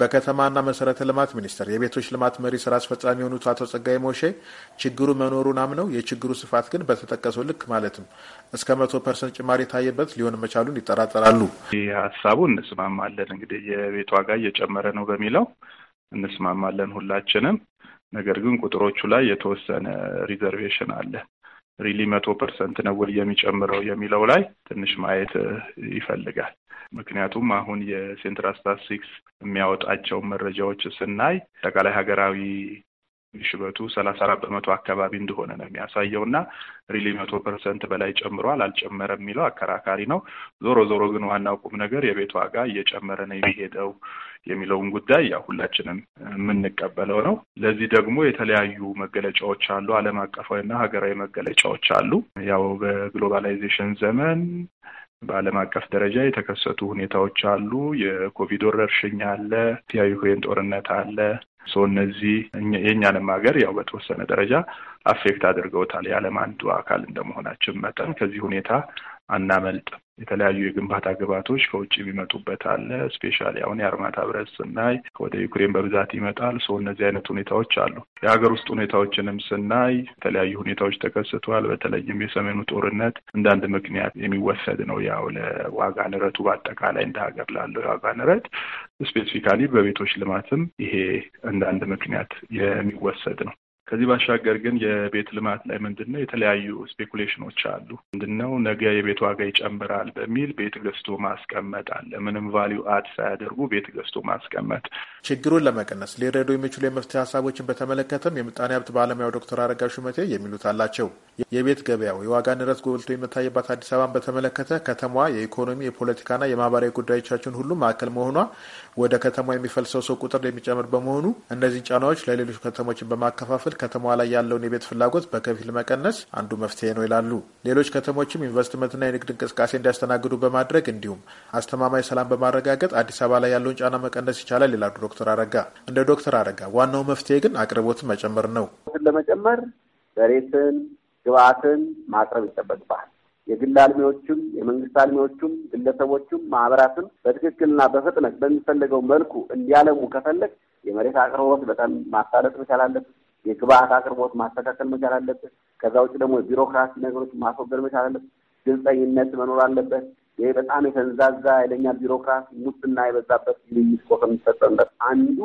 በከተማና መሰረተ ልማት ሚኒስቴር የቤቶች ልማት መሪ ስራ አስፈጻሚ የሆኑት አቶ ጸጋይ ሞሼ ችግሩ መኖሩን አምነው የችግሩ ስፋት ግን በተጠቀሰው ልክ ማለትም እስከ መቶ ፐርሰንት ጭማሪ የታየበት ሊሆን መቻሉን ይጠራጠራሉ። ይህ ሀሳቡ እንስማማለን። እንግዲህ የቤት ዋጋ እየጨመረ ነው በሚለው እንስማማለን ሁላችንም። ነገር ግን ቁጥሮቹ ላይ የተወሰነ ሪዘርቬሽን አለ። ሪሊ መቶ ፐርሰንት ነው ወይ የሚጨምረው የሚለው ላይ ትንሽ ማየት ይፈልጋል። ምክንያቱም አሁን የሴንትራል ስታትስቲክስ የሚያወጣቸው መረጃዎች ስናይ አጠቃላይ ሀገራዊ ሽበቱ ሰላሳ አራት በመቶ አካባቢ እንደሆነ ነው የሚያሳየው እና ሪሊ መቶ ፐርሰንት በላይ ጨምሯል አልጨመረም የሚለው አከራካሪ ነው። ዞሮ ዞሮ ግን ዋናው ቁም ነገር የቤት ዋጋ እየጨመረ ነው የሚሄደው የሚለውን ጉዳይ ያው ሁላችንም የምንቀበለው ነው። ለዚህ ደግሞ የተለያዩ መገለጫዎች አሉ። ዓለም አቀፋዊና ሀገራዊ መገለጫዎች አሉ። ያው በግሎባላይዜሽን ዘመን በዓለም አቀፍ ደረጃ የተከሰቱ ሁኔታዎች አሉ። የኮቪድ ወረርሽኝ አለ። የዩክሬን ጦርነት አለ። ሶ እነዚህ የእኛንም ሀገር ያው በተወሰነ ደረጃ አፌክት አድርገውታል። የዓለም አንዱ አካል እንደመሆናችን መጠን ከዚህ ሁኔታ አናመልጥም። የተለያዩ የግንባታ ግብዓቶች ከውጭ የሚመጡበት አለ። ስፔሻሊ አሁን የአርማታ ብረት ስናይ ወደ ዩክሬን በብዛት ይመጣል። ሰው እነዚህ አይነት ሁኔታዎች አሉ። የሀገር ውስጥ ሁኔታዎችንም ስናይ የተለያዩ ሁኔታዎች ተከስተዋል። በተለይም የሰሜኑ ጦርነት እንዳንድ ምክንያት የሚወሰድ ነው። ያው ለዋጋ ንረቱ በአጠቃላይ እንደ ሀገር ላለው የዋጋ ንረት ስፔሲፊካሊ በቤቶች ልማትም ይሄ እንዳንድ ምክንያት የሚወሰድ ነው። ከዚህ ባሻገር ግን የቤት ልማት ላይ ምንድነው የተለያዩ ስፔኩሌሽኖች አሉ። ምንድነው ነገ የቤት ዋጋ ይጨምራል በሚል ቤት ገዝቶ ማስቀመጥ አለ። ምንም ቫሊዩ አድ ሳያደርጉ ቤት ገዝቶ ማስቀመጥ። ችግሩን ለመቀነስ ሊረዱ የሚችሉ የመፍትሄ ሀሳቦችን በተመለከተም የምጣኔ ሀብት ባለሙያው ዶክተር አረጋ ሹመቴ የሚሉት አላቸው። የቤት ገበያው የዋጋ ንረት ጎልቶ የሚታይባት አዲስ አበባን በተመለከተ ከተማዋ የኢኮኖሚ የፖለቲካና የማህበራዊ ጉዳዮቻችን ሁሉ ማዕከል መሆኗ ወደ ከተማ የሚፈልሰው ሰው ቁጥር የሚጨምር በመሆኑ እነዚህን ጫናዎች ለሌሎች ከተሞችን በማከፋፈል ከተማዋ ላይ ያለውን የቤት ፍላጎት በከፊል መቀነስ አንዱ መፍትሄ ነው ይላሉ። ሌሎች ከተሞችም ኢንቨስትመንትና የንግድ እንቅስቃሴ እንዲያስተናግዱ በማድረግ እንዲሁም አስተማማኝ ሰላም በማረጋገጥ አዲስ አበባ ላይ ያለውን ጫና መቀነስ ይቻላል ይላሉ ዶክተር አረጋ። እንደ ዶክተር አረጋ ዋናው መፍትሄ ግን አቅርቦትን መጨመር ነው። ለመጨመር መሬትን፣ ግብአትን ማቅረብ ይጠበቅባል። የግል አልሚዎቹም የመንግስት አልሚዎቹም ግለሰቦቹም ማህበራትም በትክክልና በፍጥነት በሚፈለገው መልኩ እንዲያለሙ ከፈለግ የመሬት አቅርቦት በጣም ማሳለጥ መቻል አለብን። የግብአት አቅርቦት ማስተካከል መቻል አለበት። ከዛ ውጭ ደግሞ የቢሮክራሲ ነገሮች ማስወገድ መቻል አለበት። ግልጸኝነት መኖር አለበት። ይህ በጣም የተንዛዛ ኃይለኛ ቢሮክራሲ፣ ሙስና የበዛበት ልይት ኮ ከሚፈጸምበት አንዱ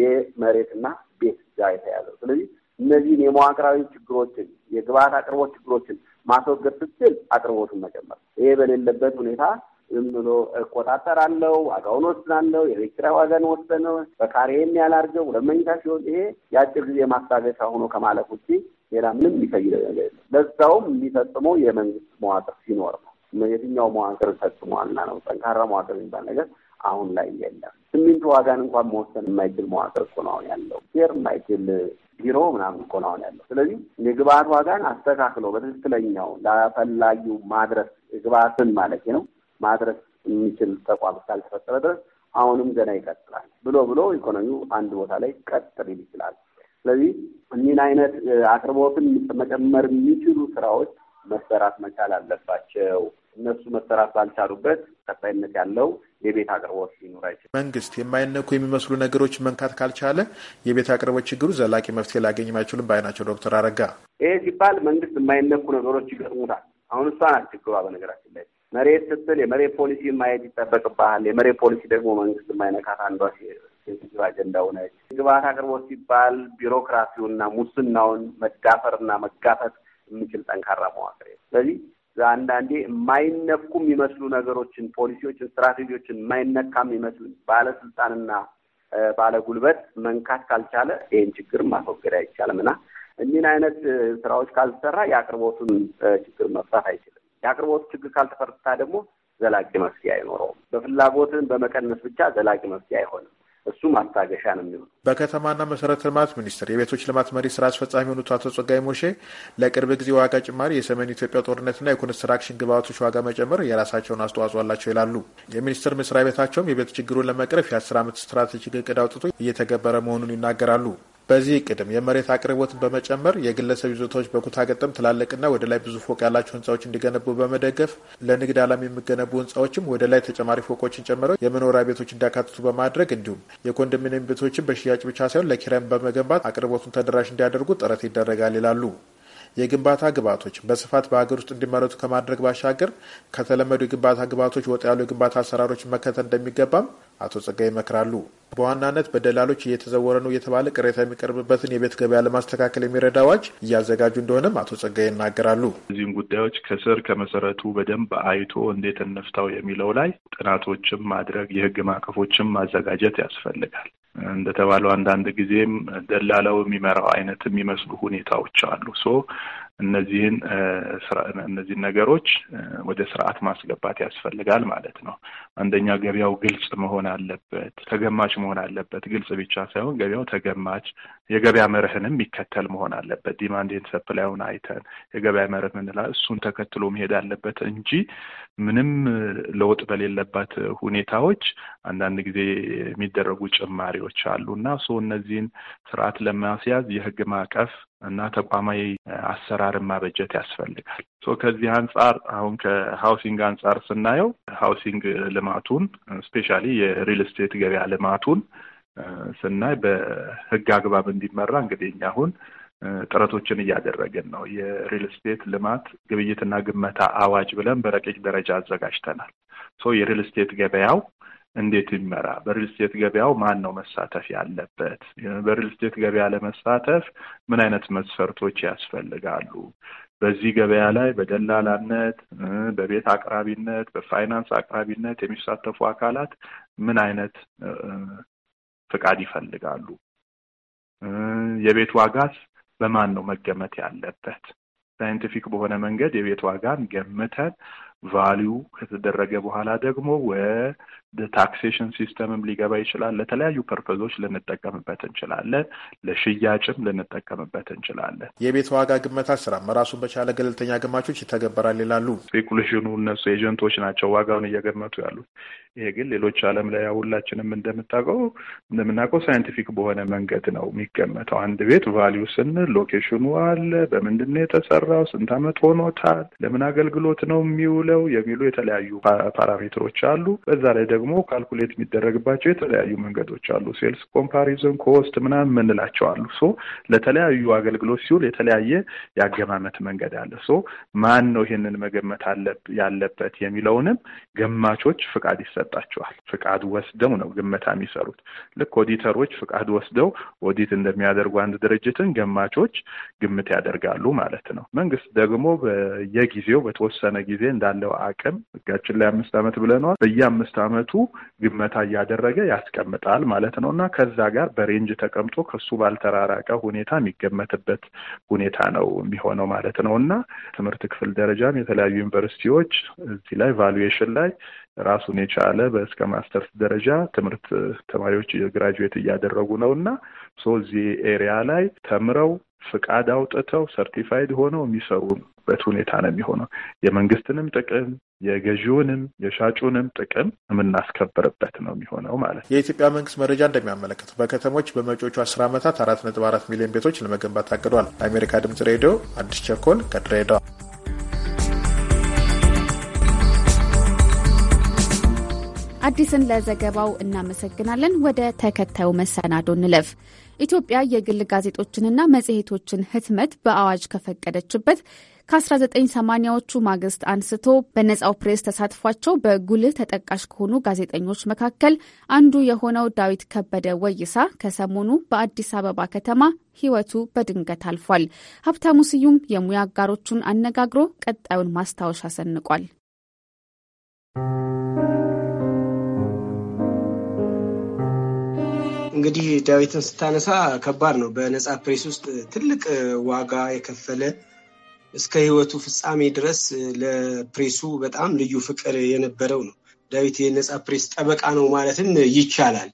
የመሬትና ቤት ጋር የተያዘው ስለዚህ እነዚህን የመዋቅራዊ ችግሮችን የግብአት አቅርቦት ችግሮችን ማስወገድ ስትችል አቅርቦቱን መጨመር ይሄ በሌለበት ሁኔታ ዝም ብሎ እቆጣጠራለሁ፣ ዋጋውን ወስናለሁ፣ የቤት ኪራይ ዋጋን ወሰነው በካሬም ያላርገው ለመኝታ ሲሆን ይሄ የአጭር ጊዜ ማስታገሻ ሆኖ ከማለፍ ውጭ ሌላ ምንም የሚፈይደው ነገር የለም። ለዛውም የሚፈጽመው የመንግስት መዋቅር ሲኖር ነው። የትኛው መዋቅር ፈጽሟልና ነው? ጠንካራ መዋቅር የሚባል ነገር አሁን ላይ የለም። ስሚንቶ ዋጋን እንኳን መወሰን የማይችል መዋቅር እኮ ነው አሁን ያለው። ር የማይችል ቢሮ ምናምን እኮ ነው አሁን ያለው። ስለዚህ የግብአት ዋጋን አስተካክሎ በትክክለኛው ለፈላጊው ማድረስ ግብአትን ማለት ነው ማድረስ የሚችል ተቋም እስካልተፈጠረ ድረስ አሁንም ገና ይቀጥላል። ብሎ ብሎ ኢኮኖሚው አንድ ቦታ ላይ ቀጥ ሊል ይችላል። ስለዚህ እኒህን አይነት አቅርቦትን መጨመር የሚችሉ ስራዎች መሰራት መቻል አለባቸው። እነሱ መሰራት ባልቻሉበት ቀጣይነት ያለው የቤት አቅርቦት ሊኖር አይችልም። መንግስት የማይነኩ የሚመስሉ ነገሮች መንካት ካልቻለ የቤት አቅርቦት ችግሩ ዘላቂ መፍትሄ ሊያገኝም አይችልም ባይ ናቸው ዶክተር አረጋ። ይሄ ሲባል መንግስት የማይነኩ ነገሮች ይገጥሙታል። አሁን እሷ ናት ችግሯ በነገራችን ላይ መሬት ስትል የመሬት ፖሊሲ ማየት ይጠበቅብሃል። የመሬት ፖሊሲ ደግሞ መንግስት የማይነካት አንዷ ሴንሲቲቭ አጀንዳ ሆነች። ግብአት አቅርቦት ሲባል ቢሮክራሲውና ሙስናውን መዳፈርና መጋፈት የሚችል ጠንካራ መዋቅር ስለዚህ አንዳንዴ የማይነኩ የሚመስሉ ነገሮችን፣ ፖሊሲዎችን፣ ስትራቴጂዎችን የማይነካ የሚመስሉ ባለስልጣንና ባለጉልበት መንካት ካልቻለ ይህን ችግር ማስወገድ አይቻልም እና እኒህን አይነት ስራዎች ካልተሰራ የአቅርቦቱን ችግር መፍታት አይችልም። የአቅርቦት ችግር ካልተፈታ ደግሞ ዘላቂ መፍትሄ አይኖረውም። በፍላጎትን በመቀነስ ብቻ ዘላቂ መፍትሄ አይሆንም። እሱ ማስታገሻ ነው የሚሆነው። በከተማና መሰረተ ልማት ሚኒስቴር የቤቶች ልማት መሪ ስራ አስፈጻሚ የሆኑት አቶ ጸጋይ ሞሼ ለቅርብ ጊዜ ዋጋ ጭማሪ የሰሜን ኢትዮጵያ ጦርነትና የኮንስትራክሽን ግብአቶች ዋጋ መጨመር የራሳቸውን አስተዋጽኦ አላቸው ይላሉ። የሚኒስቴር መስሪያ ቤታቸውም የቤት ችግሩን ለመቅረፍ የአስር ዓመት ስትራቴጂክ እቅድ አውጥቶ እየተገበረ መሆኑን ይናገራሉ። በዚህ ቅድም የመሬት አቅርቦትን በመጨመር የግለሰብ ይዞታዎች በኩታ ገጠም ትላልቅና ወደ ላይ ብዙ ፎቅ ያላቸው ህንፃዎች እንዲገነቡ በመደገፍ ለንግድ ዓላማ የሚገነቡ ህንፃዎችም ወደ ላይ ተጨማሪ ፎቆችን ጨምረው የመኖሪያ ቤቶች እንዲያካትቱ በማድረግ እንዲሁም የኮንዶሚኒየም ቤቶችን በሽያጭ ብቻ ሳይሆን ለኪራይም በመገንባት አቅርቦቱን ተደራሽ እንዲያደርጉ ጥረት ይደረጋል ይላሉ። የግንባታ ግብዓቶች በስፋት በሀገር ውስጥ እንዲመረቱ ከማድረግ ባሻገር ከተለመዱ የግንባታ ግብዓቶች ወጥ ያሉ የግንባታ አሰራሮች መከተል እንደሚገባም አቶ ጸጋይ ይመክራሉ። በዋናነት በደላሎች እየተዘወረ ነው እየተባለ ቅሬታ የሚቀርብበትን የቤት ገበያ ለማስተካከል የሚረዳ አዋጅ እያዘጋጁ እንደሆነም አቶ ጸጋይ ይናገራሉ። እዚህም ጉዳዮች ከስር ከመሰረቱ በደንብ አይቶ እንዴት እንፍታው የሚለው ላይ ጥናቶችም ማድረግ የህግ ማዕቀፎችም ማዘጋጀት ያስፈልጋል። እንደተባለው አንዳንድ ጊዜም ደላላው የሚመራው አይነት የሚመስሉ ሁኔታዎች አሉ። ሶ እነዚህን እነዚህን ነገሮች ወደ ስርዓት ማስገባት ያስፈልጋል ማለት ነው። አንደኛ ገበያው ግልጽ መሆን አለበት፣ ተገማች መሆን አለበት። ግልጽ ብቻ ሳይሆን ገበያው ተገማች፣ የገበያ መርህንም የሚከተል መሆን አለበት። ዲማንድ ሰፕላዩን አይተን የገበያ መርህ ምንላ እሱን ተከትሎ መሄድ አለበት እንጂ ምንም ለውጥ በሌለበት ሁኔታዎች አንዳንድ ጊዜ የሚደረጉ ጭማሪዎች አሉ እና ሶ እነዚህን ስርዓት ለማስያዝ የህግ ማዕቀፍ እና ተቋማዊ አሰራርን ማበጀት ያስፈልጋል። ሶ ከዚህ አንጻር አሁን ከሃውሲንግ አንጻር ስናየው ሃውሲንግ ልማቱን ስፔሻሊ የሪል ስቴት ገበያ ልማቱን ስናይ በህግ አግባብ እንዲመራ እንግዲህ እኛ አሁን ጥረቶችን እያደረግን ነው። የሪል ስቴት ልማት ግብይትና ግመታ አዋጅ ብለን በረቂቅ ደረጃ አዘጋጅተናል። ሶ የሪል ስቴት ገበያው እንዴት ይመራ? በሪል ስቴት ገበያው ማን ነው መሳተፍ ያለበት? በሪል ስቴት ገበያ ለመሳተፍ ምን አይነት መስፈርቶች ያስፈልጋሉ? በዚህ ገበያ ላይ በደላላነት፣ በቤት አቅራቢነት፣ በፋይናንስ አቅራቢነት የሚሳተፉ አካላት ምን አይነት ፍቃድ ይፈልጋሉ? የቤት ዋጋስ በማን ነው መገመት ያለበት? ሳይንቲፊክ በሆነ መንገድ የቤት ዋጋን ገምተን ቫሊዩ ከተደረገ በኋላ ደግሞ ወደ ታክሴሽን ሲስተምም ሊገባ ይችላል። ለተለያዩ ፐርፐዞች ልንጠቀምበት እንችላለን። ለሽያጭም ልንጠቀምበት እንችላለን። የቤት ዋጋ ግመታ ስራም ራሱን በቻለ ገለልተኛ ግማቾች ይተገበራል ይላሉ። ስፔኩሌሽኑ እነሱ ኤጀንቶች ናቸው ዋጋውን እየገመቱ ያሉት። ይሄ ግን ሌሎች ዓለም ላይ ሁላችንም እንደምታውቀው እንደምናውቀው ሳይንቲፊክ በሆነ መንገድ ነው የሚገመተው። አንድ ቤት ቫሊዩ ስንል ሎኬሽኑ አለ፣ በምንድን ነው የተሰራው፣ ስንት ዓመት ሆኖታል፣ ለምን አገልግሎት ነው የሚውል ውለው የሚሉ የተለያዩ ፓራሜትሮች አሉ። በዛ ላይ ደግሞ ካልኩሌት የሚደረግባቸው የተለያዩ መንገዶች አሉ። ሴልስ ኮምፓሪዝን፣ ኮስት ምናምን የምንላቸው አሉ። ሶ ለተለያዩ አገልግሎት ሲውል የተለያየ የአገማመት መንገድ አለ። ሶ ማን ነው ይህንን መገመት ያለበት የሚለውንም ገማቾች ፍቃድ ይሰጣቸዋል። ፍቃድ ወስደው ነው ግመታ የሚሰሩት። ልክ ኦዲተሮች ፍቃድ ወስደው ኦዲት እንደሚያደርጉ አንድ ድርጅትን ገማቾች ግምት ያደርጋሉ ማለት ነው። መንግስት ደግሞ በየጊዜው በተወሰነ ጊዜ እንዳለ ያለው አቅም ህጋችን ላይ አምስት ዓመት ብለነዋል። በየአምስት ዓመቱ ግመታ እያደረገ ያስቀምጣል ማለት ነው እና ከዛ ጋር በሬንጅ ተቀምጦ ከሱ ባልተራራቀ ሁኔታ የሚገመትበት ሁኔታ ነው የሚሆነው ማለት ነው እና ትምህርት ክፍል ደረጃም የተለያዩ ዩኒቨርሲቲዎች እዚህ ላይ ቫሉዌሽን ላይ ራሱን የቻለ በእስከ ማስተርስ ደረጃ ትምህርት ተማሪዎች ግራጁዌት እያደረጉ ነው እና ሶ እዚህ ኤሪያ ላይ ተምረው ፍቃድ አውጥተው ሰርቲፋይድ ሆነው የሚሰሩ የሚያደርግበት ሁኔታ ነው የሚሆነው። የመንግስትንም ጥቅም የገዢውንም የሻጩንም ጥቅም የምናስከብርበት ነው የሚሆነው ማለት ነው። የኢትዮጵያ መንግስት መረጃ እንደሚያመለክተው በከተሞች በመጪዎቹ አስር ዓመታት አራት ነጥብ አራት ሚሊዮን ቤቶች ለመገንባት ታቅዷል። ለአሜሪካ ድምጽ ሬዲዮ አዲስ ቸኮል ከድሬዳዋ። አዲስን ለዘገባው እናመሰግናለን። ወደ ተከታዩ መሰናዶ እንለፍ። ኢትዮጵያ የግል ጋዜጦችንና መጽሔቶችን ህትመት በአዋጅ ከፈቀደችበት ከ1980ዎቹ ማግስት አንስቶ በነጻው ፕሬስ ተሳትፏቸው በጉልህ ተጠቃሽ ከሆኑ ጋዜጠኞች መካከል አንዱ የሆነው ዳዊት ከበደ ወይሳ ከሰሞኑ በአዲስ አበባ ከተማ ሕይወቱ በድንገት አልፏል። ሀብታሙ ስዩም የሙያ አጋሮቹን አነጋግሮ ቀጣዩን ማስታወሻ ሰንቋል። እንግዲህ ዳዊትን ስታነሳ ከባድ ነው። በነጻ ፕሬስ ውስጥ ትልቅ ዋጋ የከፈለ እስከ ህይወቱ ፍጻሜ ድረስ ለፕሬሱ በጣም ልዩ ፍቅር የነበረው ነው። ዳዊት የነጻ ፕሬስ ጠበቃ ነው ማለትም ይቻላል።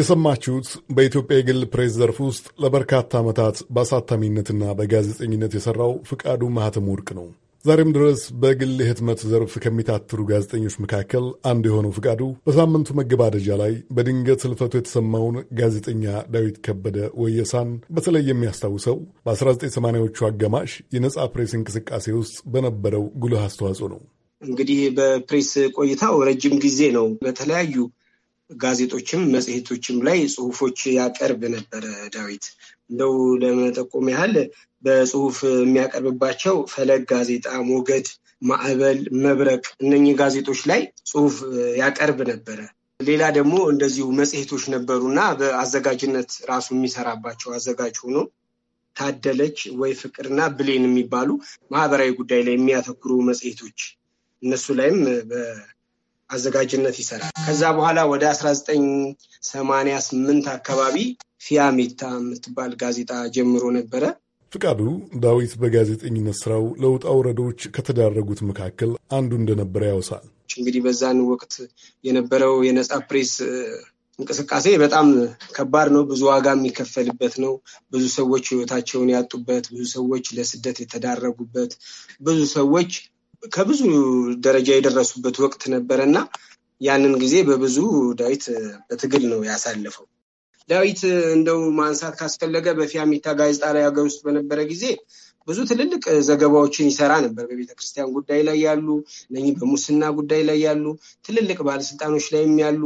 የሰማችሁት በኢትዮጵያ የግል ፕሬስ ዘርፍ ውስጥ ለበርካታ ዓመታት በአሳታሚነትና በጋዜጠኝነት የሠራው ፍቃዱ ማህተም ወርቅ ነው። ዛሬም ድረስ በግል የህትመት ዘርፍ ከሚታትሩ ጋዜጠኞች መካከል አንዱ የሆነው ፍቃዱ በሳምንቱ መገባደጃ ላይ በድንገት ህልፈቱ የተሰማውን ጋዜጠኛ ዳዊት ከበደ ወየሳን በተለይ የሚያስታውሰው በ1980ዎቹ አጋማሽ የነጻ ፕሬስ እንቅስቃሴ ውስጥ በነበረው ጉልህ አስተዋጽኦ ነው። እንግዲህ በፕሬስ ቆይታው ረጅም ጊዜ ነው። በተለያዩ ጋዜጦችም መጽሔቶችም ላይ ጽሁፎች ያቀርብ ነበረ። ዳዊት እንደው ለመጠቆም ያህል በጽሁፍ የሚያቀርብባቸው ፈለግ ጋዜጣ፣ ሞገድ፣ ማዕበል፣ መብረቅ እነኚህ ጋዜጦች ላይ ጽሁፍ ያቀርብ ነበረ። ሌላ ደግሞ እንደዚሁ መጽሔቶች ነበሩና በአዘጋጅነት ራሱ የሚሰራባቸው አዘጋጅ ሆኖ ታደለች ወይ ፍቅርና ብሌን የሚባሉ ማህበራዊ ጉዳይ ላይ የሚያተኩሩ መጽሔቶች እነሱ ላይም በአዘጋጅነት ይሰራል። ከዛ በኋላ ወደ አስራ ዘጠኝ ሰማንያ ስምንት አካባቢ ፊያሜታ የምትባል ጋዜጣ ጀምሮ ነበረ። ፍቃዱ ዳዊት በጋዜጠኝነት ስራው ለውጣ ውረዶች ከተዳረጉት መካከል አንዱ እንደነበረ ያውሳል። እንግዲህ በዛን ወቅት የነበረው የነፃ ፕሬስ እንቅስቃሴ በጣም ከባድ ነው። ብዙ ዋጋ የሚከፈልበት ነው። ብዙ ሰዎች ሕይወታቸውን ያጡበት፣ ብዙ ሰዎች ለስደት የተዳረጉበት፣ ብዙ ሰዎች ከብዙ ደረጃ የደረሱበት ወቅት ነበረ እና ያንን ጊዜ በብዙ ዳዊት በትግል ነው ያሳለፈው። ዳዊት እንደው ማንሳት ካስፈለገ በፊያሚታ ጋዜጣ ላይ ሀገር ውስጥ በነበረ ጊዜ ብዙ ትልልቅ ዘገባዎችን ይሰራ ነበር። በቤተ ክርስቲያን ጉዳይ ላይ ያሉ እነህ በሙስና ጉዳይ ላይ ያሉ ትልልቅ ባለስልጣኖች ላይም ያሉ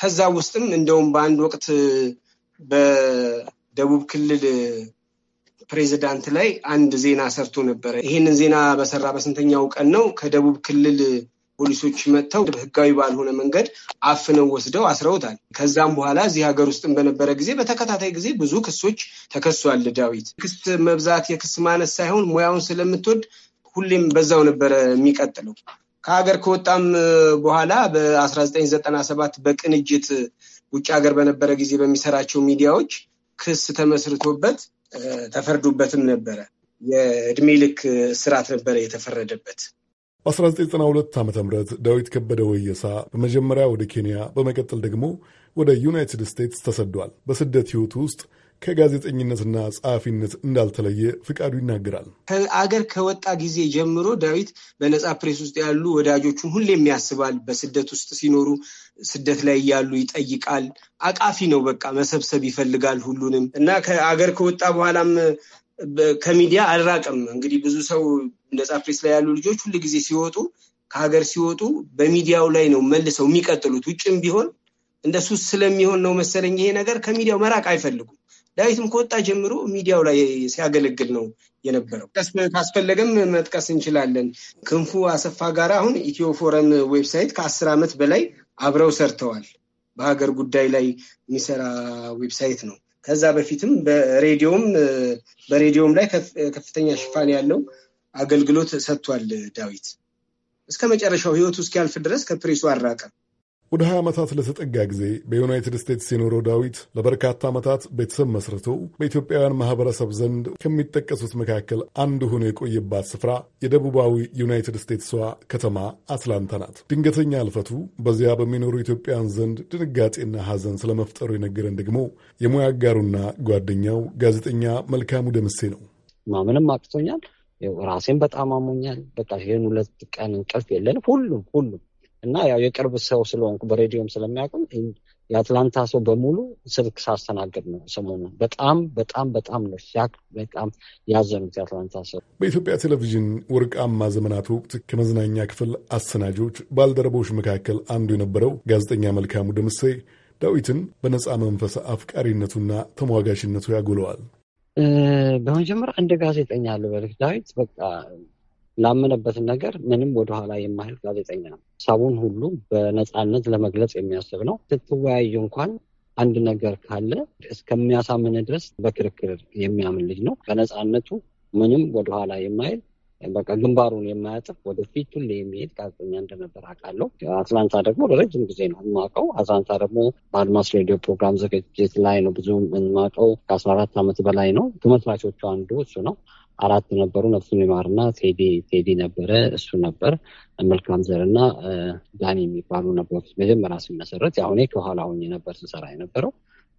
ከዛ ውስጥም እንደውም በአንድ ወቅት በደቡብ ክልል ፕሬዚዳንት ላይ አንድ ዜና ሰርቶ ነበረ። ይህንን ዜና በሰራ በስንተኛው ቀን ነው ከደቡብ ክልል ፖሊሶች መጥተው ህጋዊ ባልሆነ መንገድ አፍነው ወስደው አስረውታል። ከዛም በኋላ እዚህ ሀገር ውስጥም በነበረ ጊዜ በተከታታይ ጊዜ ብዙ ክሶች ተከሷል። ዳዊት ክስ መብዛት የክስ ማነስ ሳይሆን ሙያውን ስለምትወድ ሁሌም በዛው ነበረ የሚቀጥለው። ከሀገር ከወጣም በኋላ በ1997 በቅንጅት ውጭ ሀገር በነበረ ጊዜ በሚሰራቸው ሚዲያዎች ክስ ተመስርቶበት ተፈርዶበትም ነበረ። የእድሜ ልክ እስራት ነበረ የተፈረደበት። በ1992 ዓ ም ዳዊት ከበደ ወየሳ በመጀመሪያ ወደ ኬንያ በመቀጠል ደግሞ ወደ ዩናይትድ ስቴትስ ተሰዷል። በስደት ህይወቱ ውስጥ ከጋዜጠኝነትና ጸሐፊነት እንዳልተለየ ፍቃዱ ይናገራል። ከአገር ከወጣ ጊዜ ጀምሮ ዳዊት በነጻ ፕሬስ ውስጥ ያሉ ወዳጆቹን ሁሌም ያስባል። በስደት ውስጥ ሲኖሩ ስደት ላይ እያሉ ይጠይቃል። አቃፊ ነው፣ በቃ መሰብሰብ ይፈልጋል ሁሉንም እና ከአገር ከወጣ በኋላም ከሚዲያ አልራቅም። እንግዲህ ብዙ ሰው ነጻ ፕሬስ ላይ ያሉ ልጆች ሁል ጊዜ ሲወጡ ከሀገር ሲወጡ በሚዲያው ላይ ነው መልሰው የሚቀጥሉት። ውጭም ቢሆን እንደሱ ስለሚሆን ነው መሰለኝ ይሄ ነገር ከሚዲያው መራቅ አይፈልጉም። ዳዊትም ከወጣ ጀምሮ ሚዲያው ላይ ሲያገለግል ነው የነበረው። ካስፈለገም መጥቀስ እንችላለን። ክንፉ አሰፋ ጋር አሁን ኢትዮ ፎረም ዌብሳይት ከአስር ዓመት በላይ አብረው ሰርተዋል። በሀገር ጉዳይ ላይ የሚሰራ ዌብሳይት ነው። ከዛ በፊትም በሬዲዮም በሬዲዮም ላይ ከፍተኛ ሽፋን ያለው አገልግሎት ሰጥቷል። ዳዊት እስከ መጨረሻው ህይወቱ እስኪያልፍ ድረስ ከፕሬሱ አልራቀም። ወደ 20 ዓመታት ለተጠጋ ጊዜ በዩናይትድ ስቴትስ የኖረው ዳዊት ለበርካታ ዓመታት ቤተሰብ መስርቶ በኢትዮጵያውያን ማህበረሰብ ዘንድ ከሚጠቀሱት መካከል አንዱ ሆኖ የቆየባት ስፍራ የደቡባዊ ዩናይትድ ስቴትስዋ ከተማ አትላንታ ናት። ድንገተኛ አልፈቱ በዚያ በሚኖሩ ኢትዮጵያውያን ዘንድ ድንጋጤና ሐዘን ስለመፍጠሩ የነገረን ደግሞ የሙያ አጋሩና ጓደኛው ጋዜጠኛ መልካሙ ደምሴ ነው። ምንም አቅቶኛል ራሴን በጣም አሞኛል። በቃ ይህን ሁለት ቀን እንቅልፍ የለንም ሁሉም ሁሉም እና ያው የቅርብ ሰው ስለሆንኩ በሬዲዮም ስለሚያውቁም የአትላንታ ሰው በሙሉ ስልክ ሳስተናገድ ነው። ሰሞኑን በጣም በጣም በጣም ነው በጣም ያዘኑት የአትላንታ ሰው። በኢትዮጵያ ቴሌቪዥን ወርቃማ ዘመናት ወቅት ከመዝናኛ ክፍል አሰናጆች ባልደረቦች መካከል አንዱ የነበረው ጋዜጠኛ መልካሙ ደምሴ ዳዊትን በነፃ መንፈስ አፍቃሪነቱና ተሟጋሽነቱ ያጎለዋል። በመጀመሪያ እንደ ጋዜጠኛ ልበልህ ዳዊት በቃ ላመነበትን ነገር ምንም ወደኋላ የማይል ጋዜጠኛ ነው። ሀሳቡን ሁሉ በነፃነት ለመግለጽ የሚያስብ ነው። ስትወያዩ እንኳን አንድ ነገር ካለ እስከሚያሳምን ድረስ በክርክር የሚያምን ልጅ ነው። በነፃነቱ ምንም ወደኋላ የማይል በቃ ግንባሩን የማያጥፍ ወደፊት ሁሌ የሚሄድ ጋዜጠኛ እንደነበር አውቃለሁ። አትላንታ ደግሞ ለረጅም ጊዜ ነው የማውቀው። አትላንታ ደግሞ በአድማስ ሬዲዮ ፕሮግራም ዝግጅት ላይ ነው ብዙ የማውቀው። ከአስራ አራት ዓመት በላይ ነው። ከመስራቾቹ አንዱ እሱ ነው። አራት ነበሩ። ነፍሱን ይማርና ቴዲ ቴዲ ነበረ፣ እሱ ነበር፣ መልካም ዘርና ዳኒ የሚባሉ ነበሩ። መጀመሪያ ሲመሰረት አሁኔ ከኋላ ሁኝ ነበር ስሰራ የነበረው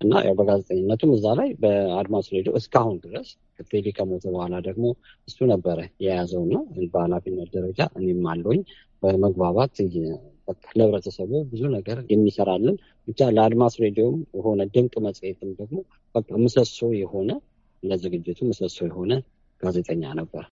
እና ያው በጋዜጠኝነቱም እዛ ላይ በአድማስ ሬዲዮ እስካሁን ድረስ ከቴዲ ከሞተ በኋላ ደግሞ እሱ ነበረ የያዘው ነው። በኃላፊነት ደረጃ እኔም አለኝ በመግባባት ለህብረተሰቡ ብዙ ነገር የሚሰራልን ብቻ ለአድማስ ሬዲዮም የሆነ ድንቅ መጽሔትም ደግሞ በቃ ምሰሶ የሆነ ለዝግጅቱ ምሰሶ የሆነ ጋዜጠኛ ነበር።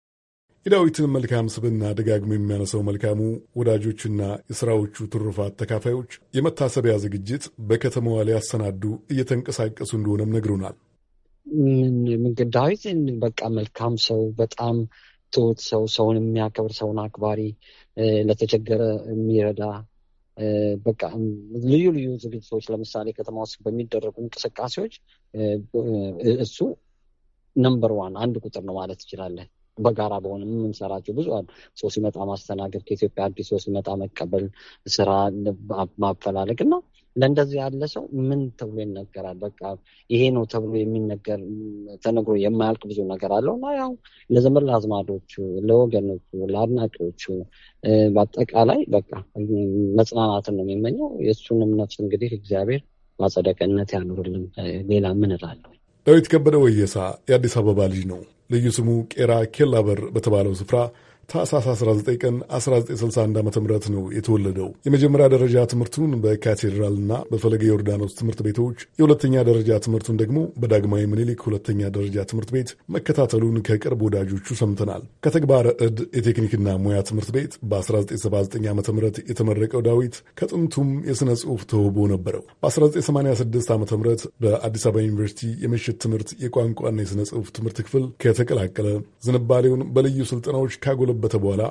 የዳዊትን መልካም ስብና ደጋግሞ የሚያነሳው መልካሙ ወዳጆችና የሥራዎቹ ትሩፋት ተካፋዮች የመታሰቢያ ዝግጅት በከተማዋ ሊያሰናዱ እየተንቀሳቀሱ እንደሆነም ነግሩናል። ዳዊት በቃ መልካም ሰው፣ በጣም ትሁት ሰው፣ ሰውን የሚያከብር ሰውን አክባሪ፣ ለተቸገረ የሚረዳ በቃ ልዩ ልዩ ዝግጅቶች ለምሳሌ ከተማ ውስጥ በሚደረጉ እንቅስቃሴዎች እሱ ነምበር ዋን አንድ ቁጥር ነው ማለት ትችላለህ። በጋራ በሆነ የምንሰራቸው ብዙ አሉ። ሰው ሲመጣ ማስተናገድ፣ ከኢትዮጵያ አዲስ ሰው ሲመጣ መቀበል፣ ስራ ማፈላለግ እና ለእንደዚህ ያለ ሰው ምን ተብሎ ይነገራል? በቃ ይሄ ነው ተብሎ የሚነገር ተነግሮ የማያልቅ ብዙ ነገር አለው እና ያው ለዘመድ ለአዝማዶቹ፣ ለወገኖቹ፣ ለአድናቂዎቹ በአጠቃላይ በቃ መጽናናትን ነው የሚመኘው። የእሱንም ነፍስ እንግዲህ እግዚአብሔር በአጸደ ያኑርልን። ሌላ ምን እላለሁ? ዳዊት ከበደ ወየሳ የአዲስ አበባ ልጅ ነው። ልዩ ስሙ ቄራ ኬላበር በተባለው ስፍራ ታህሳስ 19 ቀን 1961 ዓ.ም ነው የተወለደው። የመጀመሪያ ደረጃ ትምህርቱን በካቴድራልና በፈለገ ዮርዳኖስ ትምህርት ቤቶች፣ የሁለተኛ ደረጃ ትምህርቱን ደግሞ በዳግማዊ ምኒልክ ሁለተኛ ደረጃ ትምህርት ቤት መከታተሉን ከቅርብ ወዳጆቹ ሰምተናል። ከተግባረ ዕድ የቴክኒክና ሙያ ትምህርት ቤት በ1979 ዓ ም የተመረቀው ዳዊት ከጥንቱም የሥነ ጽሑፍ ተውቦ ነበረው። በ1986 ዓ ም በአዲስ አበባ ዩኒቨርሲቲ የምሽት ትምህርት የቋንቋና የሥነ ጽሑፍ ትምህርት ክፍል ከተቀላቀለ ዝንባሌውን በልዩ ስልጠናዎች ካጎለ ከተሰናበተ በኋላ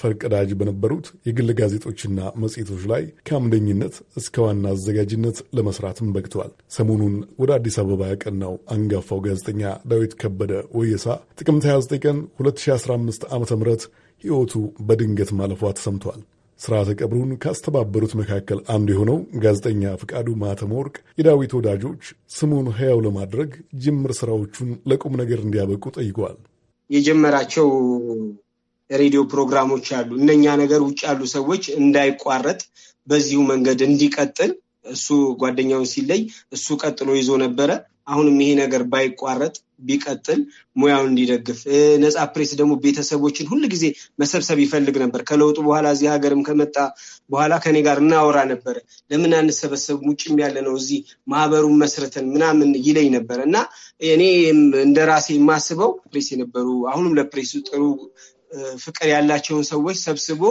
ፈርቀዳጅ በነበሩት የግል ጋዜጦችና መጽሔቶች ላይ ከአምደኝነት እስከ ዋና አዘጋጅነት ለመስራትም በቅተዋል። ሰሞኑን ወደ አዲስ አበባ ያቀናው አንጋፋው ጋዜጠኛ ዳዊት ከበደ ወየሳ ጥቅምት 29 ቀን 2015 ዓ ም ሕይወቱ በድንገት ማለፏ ተሰምቷል። ስርዓተ ቀብሩን ካስተባበሩት መካከል አንዱ የሆነው ጋዜጠኛ ፍቃዱ ማተመ ወርቅ የዳዊት ወዳጆች ስሙን ሕያው ለማድረግ ጅምር ስራዎቹን ለቁም ነገር እንዲያበቁ ጠይቀዋል። የጀመራቸው ሬዲዮ ፕሮግራሞች አሉ። እነኛ ነገር ውጭ ያሉ ሰዎች እንዳይቋረጥ በዚሁ መንገድ እንዲቀጥል እሱ ጓደኛውን ሲለይ እሱ ቀጥሎ ይዞ ነበረ። አሁንም ይሄ ነገር ባይቋረጥ ቢቀጥል ሙያውን እንዲደግፍ ነፃ ፕሬስ ደግሞ ቤተሰቦችን ሁል ጊዜ መሰብሰብ ይፈልግ ነበር። ከለውጡ በኋላ እዚህ ሀገርም ከመጣ በኋላ ከኔ ጋር እናወራ ነበረ። ለምን አንሰበሰብም? ውጭም ያለ ነው እዚህ ማህበሩን መስርተን ምናምን ይለኝ ነበር እና እኔ እንደ ራሴ የማስበው ፕሬስ የነበሩ አሁንም ለፕሬሱ ጥሩ ፍቅር ያላቸውን ሰዎች ሰብስቦ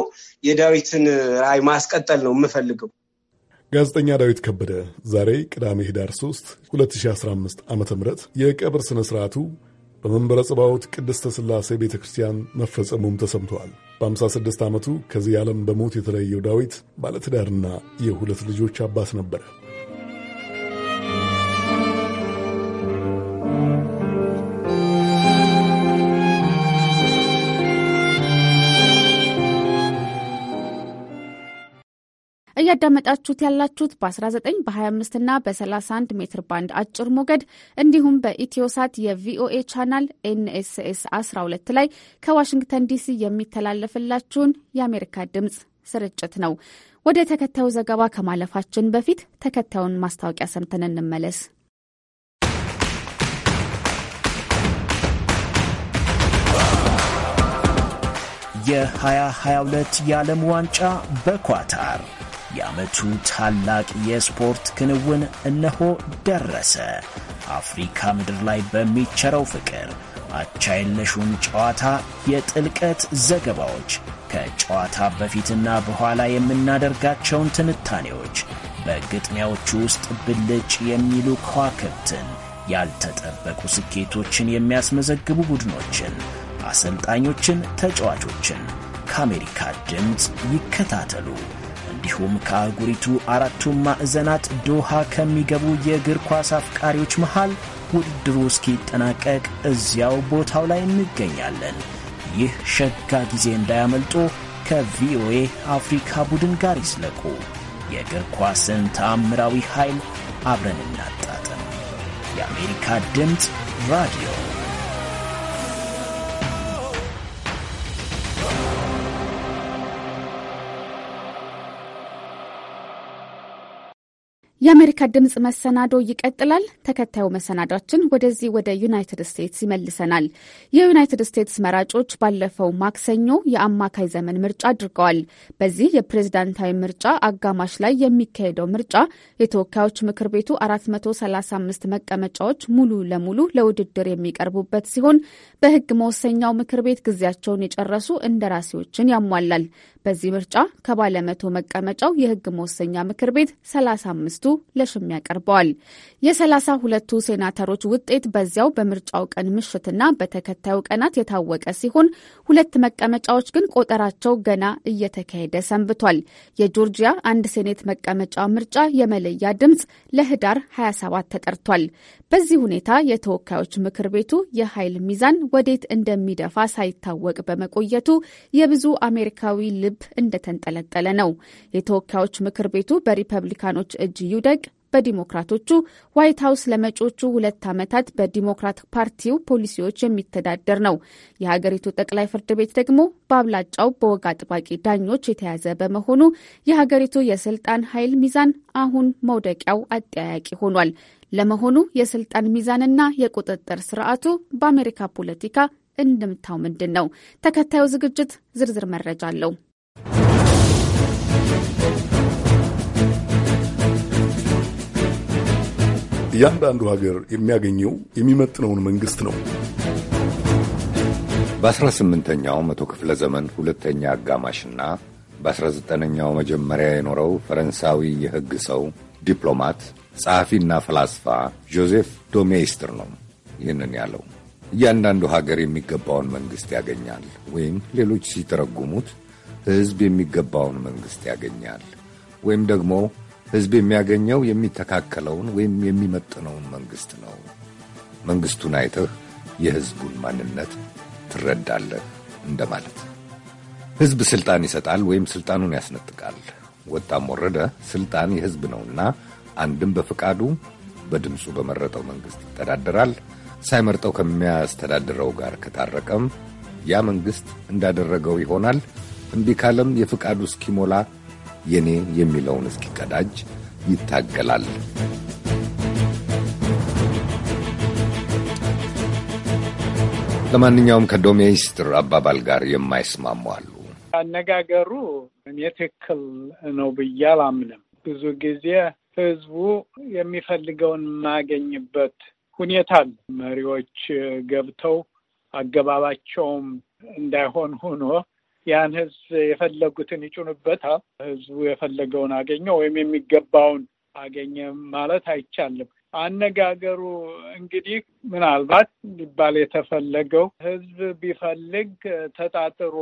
የዳዊትን ራዕይ ማስቀጠል ነው የምፈልገው። ጋዜጠኛ ዳዊት ከበደ ዛሬ ቅዳሜ ኅዳር 3 2015 ዓ ም የቀብር ሥነ ሥርዓቱ በመንበረ ጸባዖት ቅድስተ ሥላሴ ቤተ ክርስቲያን መፈጸሙም ተሰምተዋል። በ56 ዓመቱ ከዚህ ዓለም በሞት የተለየው ዳዊት ባለትዳርና የሁለት ልጆች አባት ነበረ። እያዳመጣችሁት ያላችሁት በ19 በ25 እና በ31 ሜትር ባንድ አጭር ሞገድ እንዲሁም በኢትዮሳት የቪኦኤ ቻናል ኤንኤስኤስ 12 ላይ ከዋሽንግተን ዲሲ የሚተላለፍላችሁን የአሜሪካ ድምፅ ስርጭት ነው። ወደ ተከታዩ ዘገባ ከማለፋችን በፊት ተከታዩን ማስታወቂያ ሰምተን እንመለስ። የ2022 የዓለም ዋንጫ በኳታር የዓመቱ ታላቅ የስፖርት ክንውን እነሆ ደረሰ። አፍሪካ ምድር ላይ በሚቸረው ፍቅር አቻ የለሹን ጨዋታ የጥልቀት ዘገባዎች ከጨዋታ በፊትና በኋላ የምናደርጋቸውን ትንታኔዎች በግጥሚያዎቹ ውስጥ ብልጭ የሚሉ ከዋክብትን፣ ያልተጠበቁ ስኬቶችን የሚያስመዘግቡ ቡድኖችን፣ አሰልጣኞችን፣ ተጫዋቾችን ከአሜሪካ ድምፅ ይከታተሉ። እንዲሁም ከአህጉሪቱ አራቱም ማዕዘናት ዶሃ ከሚገቡ የእግር ኳስ አፍቃሪዎች መሃል ውድድሩ እስኪጠናቀቅ እዚያው ቦታው ላይ እንገኛለን። ይህ ሸጋ ጊዜ እንዳያመልጦ ከቪኦኤ አፍሪካ ቡድን ጋር ይስለቁ። የእግር ኳስን ተአምራዊ ኃይል አብረን እናጣጥም። የአሜሪካ ድምፅ ራዲዮ የአሜሪካ ድምፅ መሰናዶ ይቀጥላል። ተከታዩ መሰናዷችን ወደዚህ ወደ ዩናይትድ ስቴትስ ይመልሰናል። የዩናይትድ ስቴትስ መራጮች ባለፈው ማክሰኞ የአማካይ ዘመን ምርጫ አድርገዋል። በዚህ የፕሬዝዳንታዊ ምርጫ አጋማሽ ላይ የሚካሄደው ምርጫ የተወካዮች ምክር ቤቱ 435 መቀመጫዎች ሙሉ ለሙሉ ለውድድር የሚቀርቡበት ሲሆን በሕግ መወሰኛው ምክር ቤት ጊዜያቸውን የጨረሱ እንደራሴዎችን ያሟላል። በዚህ ምርጫ ከባለመቶ መቀመጫው የህግ መወሰኛ ምክር ቤት 35ቱ ለሽሚያ ቀርበዋል። 32 ሴናተሮች ውጤት በዚያው በምርጫው ቀን ምሽትና በተከታዩ ቀናት የታወቀ ሲሆን ሁለት መቀመጫዎች ግን ቆጠራቸው ገና እየተካሄደ ሰንብቷል። የጆርጂያ አንድ ሴኔት መቀመጫ ምርጫ የመለያ ድምፅ ለህዳር 27 ተጠርቷል። በዚህ ሁኔታ የተወካዮች ምክር ቤቱ የኃይል ሚዛን ወዴት እንደሚደፋ ሳይታወቅ በመቆየቱ የብዙ አሜሪካዊ ልብ እንደተንጠለጠለ ነው። የተወካዮች ምክር ቤቱ በሪፐብሊካኖች እጅ ይውደቅ በዲሞክራቶቹ ዋይት ሀውስ ለመጪዎቹ ሁለት ዓመታት በዲሞክራት ፓርቲው ፖሊሲዎች የሚተዳደር ነው። የሀገሪቱ ጠቅላይ ፍርድ ቤት ደግሞ በአብላጫው በወግ አጥባቂ ዳኞች የተያዘ በመሆኑ የሀገሪቱ የስልጣን ኃይል ሚዛን አሁን መውደቂያው አጠያያቂ ሆኗል። ለመሆኑ የስልጣን ሚዛንና የቁጥጥር ስርዓቱ በአሜሪካ ፖለቲካ እንድምታው ምንድን ነው? ተከታዩ ዝግጅት ዝርዝር መረጃ አለው። እያንዳንዱ ሀገር የሚያገኘው የሚመጥነውን መንግስት ነው። በ18ኛው መቶ ክፍለ ዘመን ሁለተኛ አጋማሽና በ19ኛው መጀመሪያ የኖረው ፈረንሳዊ የሕግ ሰው ዲፕሎማት ጸሐፊና ፈላስፋ ጆዜፍ ዶሜይስትር ነው ይህንን ያለው። እያንዳንዱ ሀገር የሚገባውን መንግሥት ያገኛል፣ ወይም ሌሎች ሲተረጉሙት ሕዝብ የሚገባውን መንግሥት ያገኛል፣ ወይም ደግሞ ሕዝብ የሚያገኘው የሚተካከለውን ወይም የሚመጥነውን መንግሥት ነው። መንግሥቱን አይተህ የሕዝቡን ማንነት ትረዳለህ እንደማለት። ሕዝብ ሥልጣን ይሰጣል ወይም ሥልጣኑን ያስነጥቃል። ወጣም ወረደ ሥልጣን የሕዝብ ነውና አንድም በፍቃዱ በድምፁ በመረጠው መንግሥት ይተዳደራል። ሳይመርጠው ከሚያስተዳድረው ጋር ከታረቀም ያ መንግሥት እንዳደረገው ይሆናል። እምቢ ካለም የፍቃዱ እስኪሞላ የኔ የሚለውን እስኪቀዳጅ ይታገላል። ለማንኛውም ከዶሜስትር አባባል ጋር የማይስማሙ አሉ። አነጋገሩ እኔ ትክክል ነው ብዬ አላምንም። ብዙ ጊዜ ህዝቡ የሚፈልገውን የማገኝበት ሁኔታ አለ። መሪዎች ገብተው አገባባቸውም እንዳይሆን ሆኖ ያን ህዝብ የፈለጉትን ይጭኑበታል። ህዝቡ የፈለገውን አገኘ ወይም የሚገባውን አገኘ ማለት አይቻልም። አነጋገሩ እንግዲህ ምናልባት ሊባል የተፈለገው ህዝብ ቢፈልግ ተጣጥሮ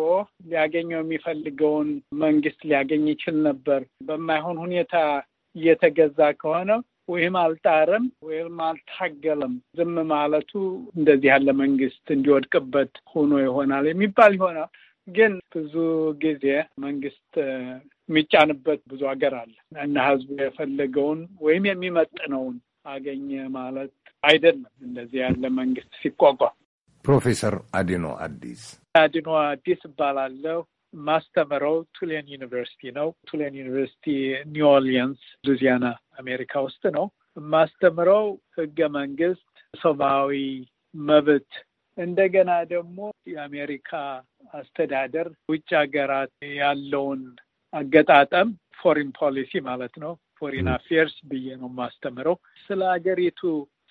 ሊያገኘው የሚፈልገውን መንግስት ሊያገኝ ይችል ነበር። በማይሆን ሁኔታ እየተገዛ ከሆነ ወይም አልጣረም ወይም አልታገለም ዝም ማለቱ እንደዚህ ያለ መንግስት እንዲወድቅበት ሆኖ ይሆናል የሚባል ይሆናል። ግን ብዙ ጊዜ መንግስት የሚጫንበት ብዙ ሀገር አለ እና ህዝቡ የፈለገውን ወይም የሚመጥነውን አገኘ ማለት አይደለም። እንደዚህ ያለ መንግስት ሲቋቋም ፕሮፌሰር አዲኖ አዲስ አዲኖ አዲስ እባላለሁ። ማስተምረው ቱሌን ዩኒቨርሲቲ ነው። ቱሌን ዩኒቨርሲቲ ኒው ኦርሊንስ ሉዚያና አሜሪካ ውስጥ ነው ማስተምረው ህገ መንግስት፣ ሰብአዊ መብት እንደገና ደግሞ የአሜሪካ አስተዳደር ውጭ ሀገራት ያለውን አገጣጠም ፎሪን ፖሊሲ ማለት ነው ፎሪን አፌርስ ብዬ ነው የማስተምረው። ስለ ሀገሪቱ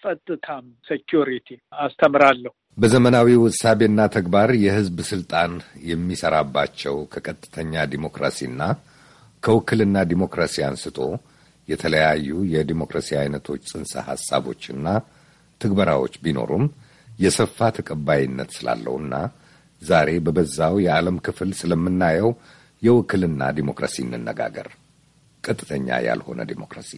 ጸጥታም ሴኪሪቲ አስተምራለሁ። በዘመናዊው እሳቤና ተግባር የህዝብ ስልጣን የሚሰራባቸው ከቀጥተኛ ዲሞክራሲና ከውክልና ዲሞክራሲ አንስቶ የተለያዩ የዲሞክራሲ አይነቶች ጽንሰ ሐሳቦችና ትግበራዎች ቢኖሩም የሰፋ ተቀባይነት ስላለውና ዛሬ በበዛው የዓለም ክፍል ስለምናየው የውክልና ዲሞክራሲ እንነጋገር። ቀጥተኛ ያልሆነ ዲሞክራሲ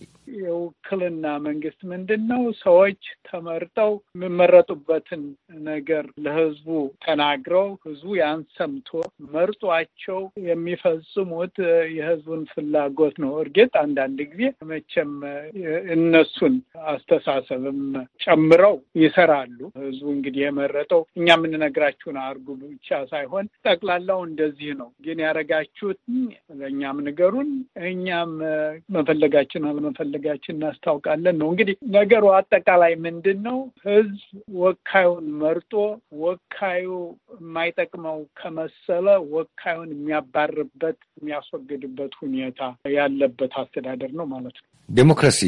የውክልና መንግስት ምንድን ነው? ሰዎች ተመርጠው የሚመረጡበትን ነገር ለህዝቡ ተናግረው ህዝቡ ያን ሰምቶ መርጧቸው የሚፈጽሙት የህዝቡን ፍላጎት ነው። እርግጥ አንዳንድ ጊዜ መቼም እነሱን አስተሳሰብም ጨምረው ይሰራሉ። ህዝቡ እንግዲህ የመረጠው እኛ የምንነግራችሁን አርጉ ብቻ ሳይሆን ጠቅላላው እንደዚህ ነው፣ ግን ያደረጋችሁት ለእኛም ንገሩን፣ እኛም መፈለጋችን አለመፈለግ ማድረጋችን እናስታውቃለን ነው። እንግዲህ ነገሩ አጠቃላይ ምንድን ነው? ህዝብ ወካዩን መርጦ ወካዩ የማይጠቅመው ከመሰለ ወካዩን የሚያባርበት የሚያስወግድበት ሁኔታ ያለበት አስተዳደር ነው ማለት ነው። ዴሞክራሲ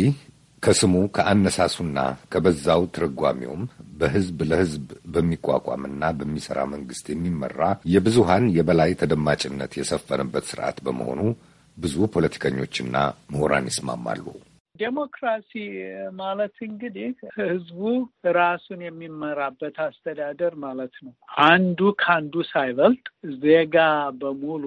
ከስሙ ከአነሳሱና ከበዛው ትርጓሚውም በህዝብ ለህዝብ በሚቋቋምና በሚሰራ መንግስት የሚመራ የብዙሃን የበላይ ተደማጭነት የሰፈነበት ስርዓት በመሆኑ ብዙ ፖለቲከኞችና ምሁራን ይስማማሉ። ዴሞክራሲ ማለት እንግዲህ ህዝቡ ራሱን የሚመራበት አስተዳደር ማለት ነው። አንዱ ከአንዱ ሳይበልጥ ዜጋ በሙሉ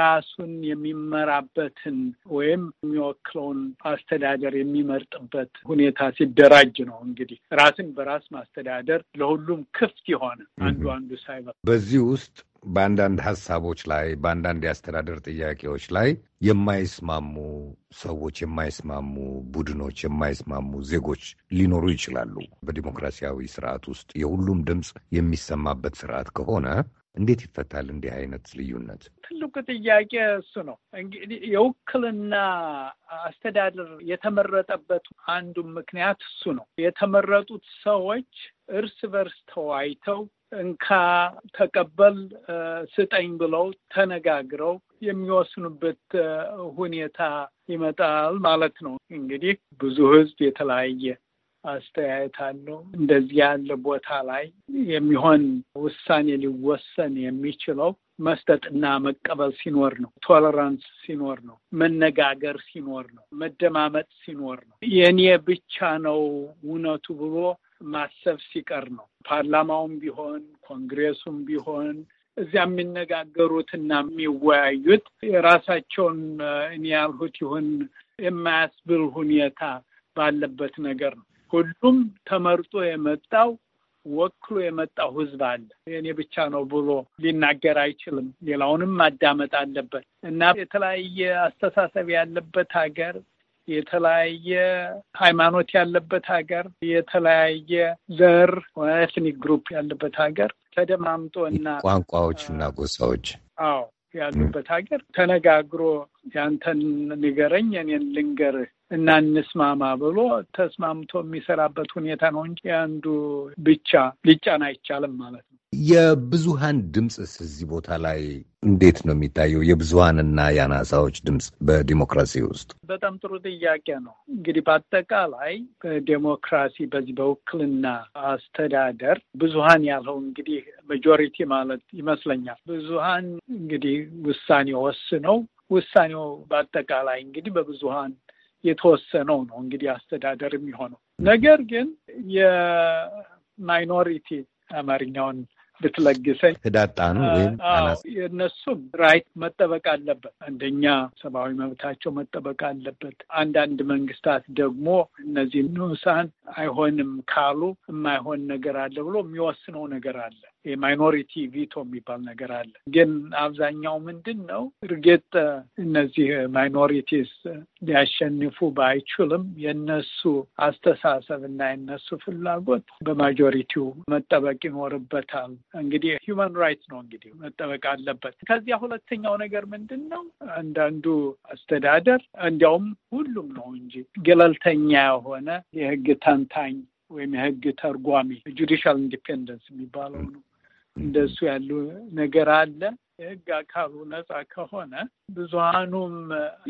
ራሱን የሚመራበትን ወይም የሚወክለውን አስተዳደር የሚመርጥበት ሁኔታ ሲደራጅ ነው። እንግዲህ ራስን በራስ ማስተዳደር ለሁሉም ክፍት የሆነ አንዱ አንዱ ሳይበልጥ በዚህ ውስጥ በአንዳንድ ሀሳቦች ላይ በአንዳንድ የአስተዳደር ጥያቄዎች ላይ የማይስማሙ ሰዎች፣ የማይስማሙ ቡድኖች፣ የማይስማሙ ዜጎች ሊኖሩ ይችላሉ። በዲሞክራሲያዊ ስርዓት ውስጥ የሁሉም ድምፅ የሚሰማበት ስርዓት ከሆነ እንዴት ይፈታል? እንዲህ አይነት ልዩነት ትልቁ ጥያቄ እሱ ነው። እንግዲህ የውክልና አስተዳደር የተመረጠበት አንዱ ምክንያት እሱ ነው። የተመረጡት ሰዎች እርስ በርስ ተዋይተው እንካ ተቀበል፣ ስጠኝ ብለው ተነጋግረው የሚወስኑበት ሁኔታ ይመጣል ማለት ነው። እንግዲህ ብዙ ህዝብ የተለያየ አስተያየት አለው። እንደዚህ ያለ ቦታ ላይ የሚሆን ውሳኔ ሊወሰን የሚችለው መስጠትና መቀበል ሲኖር ነው። ቶለራንስ ሲኖር ነው። መነጋገር ሲኖር ነው። መደማመጥ ሲኖር ነው። የእኔ ብቻ ነው እውነቱ ብሎ ማሰብ ሲቀር ነው። ፓርላማውም ቢሆን ኮንግሬሱም ቢሆን እዚያ የሚነጋገሩትና የሚወያዩት የራሳቸውን እኔ ያልሁት ይሁን የማያስብል ሁኔታ ባለበት ነገር ነው። ሁሉም ተመርጦ የመጣው ወክሎ የመጣው ህዝብ አለ። የእኔ ብቻ ነው ብሎ ሊናገር አይችልም። ሌላውንም ማዳመጥ አለበት እና የተለያየ አስተሳሰብ ያለበት ሀገር የተለያየ ሃይማኖት ያለበት ሀገር፣ የተለያየ ዘር ኤትኒክ ግሩፕ ያለበት ሀገር ተደማምጦ እና ቋንቋዎች እና ጎሳዎች አዎ ያሉበት ሀገር ተነጋግሮ ያንተን ንገረኝ እኔን ልንገርህ እና እንስማማ ብሎ ተስማምቶ የሚሰራበት ሁኔታ ነው እንጂ አንዱ ብቻ ሊጫን አይቻልም ማለት የብዙሃን ድምፅስ እዚህ ቦታ ላይ እንዴት ነው የሚታየው? የብዙሃንና የአናሳዎች ድምፅ በዲሞክራሲ ውስጥ በጣም ጥሩ ጥያቄ ነው። እንግዲህ በአጠቃላይ በዴሞክራሲ በዚህ በውክልና አስተዳደር ብዙሃን ያለው እንግዲህ መጆሪቲ ማለት ይመስለኛል። ብዙሀን እንግዲህ ውሳኔ ወስነው ውሳኔው በአጠቃላይ እንግዲህ በብዙሃን የተወሰነው ነው እንግዲህ አስተዳደር የሚሆነው ነገር ግን የማይኖሪቲ አማርኛውን ብትለግሰኝ ህዳጣኑ ወይም የእነሱ ራይት መጠበቅ አለበት። አንደኛ ሰብአዊ መብታቸው መጠበቅ አለበት። አንዳንድ መንግስታት ደግሞ እነዚህ ንዑሳን አይሆንም ካሉ የማይሆን ነገር አለ ብሎ የሚወስነው ነገር አለ። የማይኖሪቲ ቪቶ የሚባል ነገር አለ። ግን አብዛኛው ምንድን ነው እርግጥ እነዚህ ማይኖሪቲስ ሊያሸንፉ ባይችልም የነሱ አስተሳሰብ እና የነሱ ፍላጎት በማጆሪቲው መጠበቅ ይኖርበታል። እንግዲህ ሂውማን ራይትስ ነው እንግዲህ መጠበቅ አለበት። ከዚያ ሁለተኛው ነገር ምንድን ነው አንዳንዱ አስተዳደር እንዲያውም ሁሉም ነው እንጂ ገለልተኛ የሆነ የህግ ተንታኝ ወይም የህግ ተርጓሚ ጁዲሻል ኢንዲፔንደንስ የሚባለው ነው። እንደሱ ያሉ ነገር አለ። የህግ አካሉ ነፃ ከሆነ ብዙሀኑም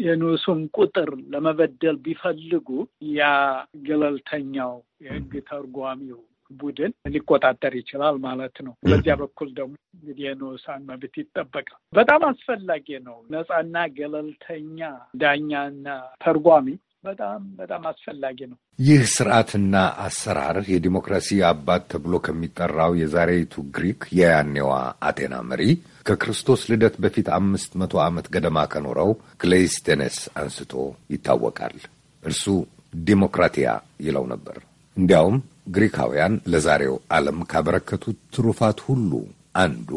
የንሱም ቁጥር ለመበደል ቢፈልጉ ያ ገለልተኛው የህግ ተርጓሚው ቡድን ሊቆጣጠር ይችላል ማለት ነው። በዚያ በኩል ደግሞ እንግዲህ የንዑሳን መብት ይጠበቃል። በጣም አስፈላጊ ነው ነፃና ገለልተኛ ዳኛና ተርጓሚ በጣም በጣም አስፈላጊ ነው። ይህ ስርዓትና አሰራር የዲሞክራሲ አባት ተብሎ ከሚጠራው የዛሬይቱ ግሪክ የያኔዋ አቴና መሪ ከክርስቶስ ልደት በፊት አምስት መቶ ዓመት ገደማ ከኖረው ክሌስቴነስ አንስቶ ይታወቃል። እርሱ ዲሞክራቲያ ይለው ነበር። እንዲያውም ግሪካውያን ለዛሬው ዓለም ካበረከቱት ትሩፋት ሁሉ አንዱ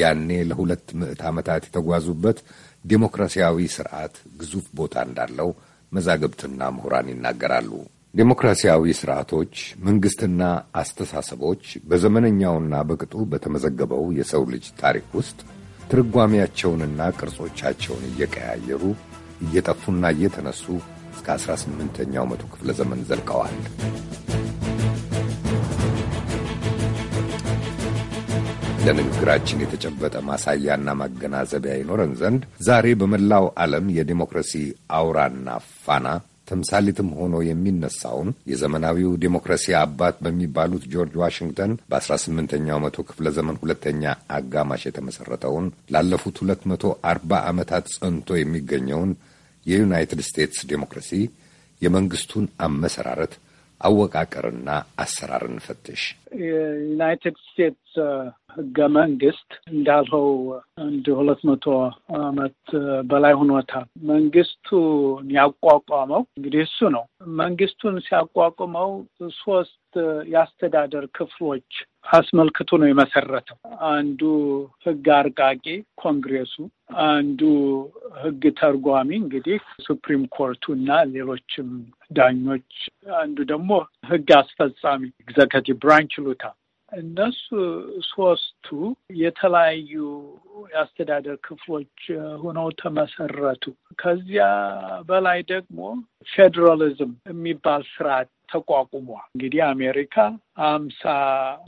ያኔ ለሁለት ምዕት ዓመታት የተጓዙበት ዲሞክራሲያዊ ስርዓት ግዙፍ ቦታ እንዳለው መዛግብትና ምሁራን ይናገራሉ። ዴሞክራሲያዊ ስርዓቶች፣ መንግስትና አስተሳሰቦች በዘመነኛውና በቅጡ በተመዘገበው የሰው ልጅ ታሪክ ውስጥ ትርጓሜያቸውንና ቅርጾቻቸውን እየቀያየሩ እየጠፉና እየተነሱ እስከ 18ኛው መቶ ክፍለ ዘመን ዘልቀዋል። ለንግግራችን የተጨበጠ ማሳያና ማገናዘቢያ ይኖረን ዘንድ ዛሬ በመላው ዓለም የዲሞክራሲ አውራና ፋና ተምሳሌትም ሆኖ የሚነሳውን የዘመናዊው ዴሞክራሲ አባት በሚባሉት ጆርጅ ዋሽንግተን በ18ኛው መቶ ክፍለ ዘመን ሁለተኛ አጋማሽ የተመሠረተውን ላለፉት 240 ዓመታት ጸንቶ የሚገኘውን የዩናይትድ ስቴትስ ዴሞክራሲ የመንግስቱን አመሰራረት አወቃቀርና አሰራርን ፈትሽ። የዩናይትድ ስቴትስ uh, ህገ መንግስት እንዳልኸው አንድ ሁለት መቶ አመት uh, በላይ ሆኖታል። መንግስቱን ያቋቋመው እንግዲህ እሱ ነው። መንግስቱን ሲያቋቁመው ሶስት uh, የአስተዳደር ክፍሎች አስመልክቶ ነው የመሰረተው። አንዱ ህግ አርቃቂ ኮንግሬሱ፣ አንዱ ህግ ተርጓሚ እንግዲህ ሱፕሪም ኮርቱ እና ሌሎችም ዳኞች፣ አንዱ ደግሞ ህግ አስፈጻሚ ኤግዘከቲቭ ብራንች ሉታ እነሱ ሶስቱ የተለያዩ የአስተዳደር ክፍሎች ሆነው ተመሰረቱ። ከዚያ በላይ ደግሞ ፌዴራሊዝም የሚባል ስርዓት ተቋቁሟል። እንግዲህ አሜሪካ አምሳ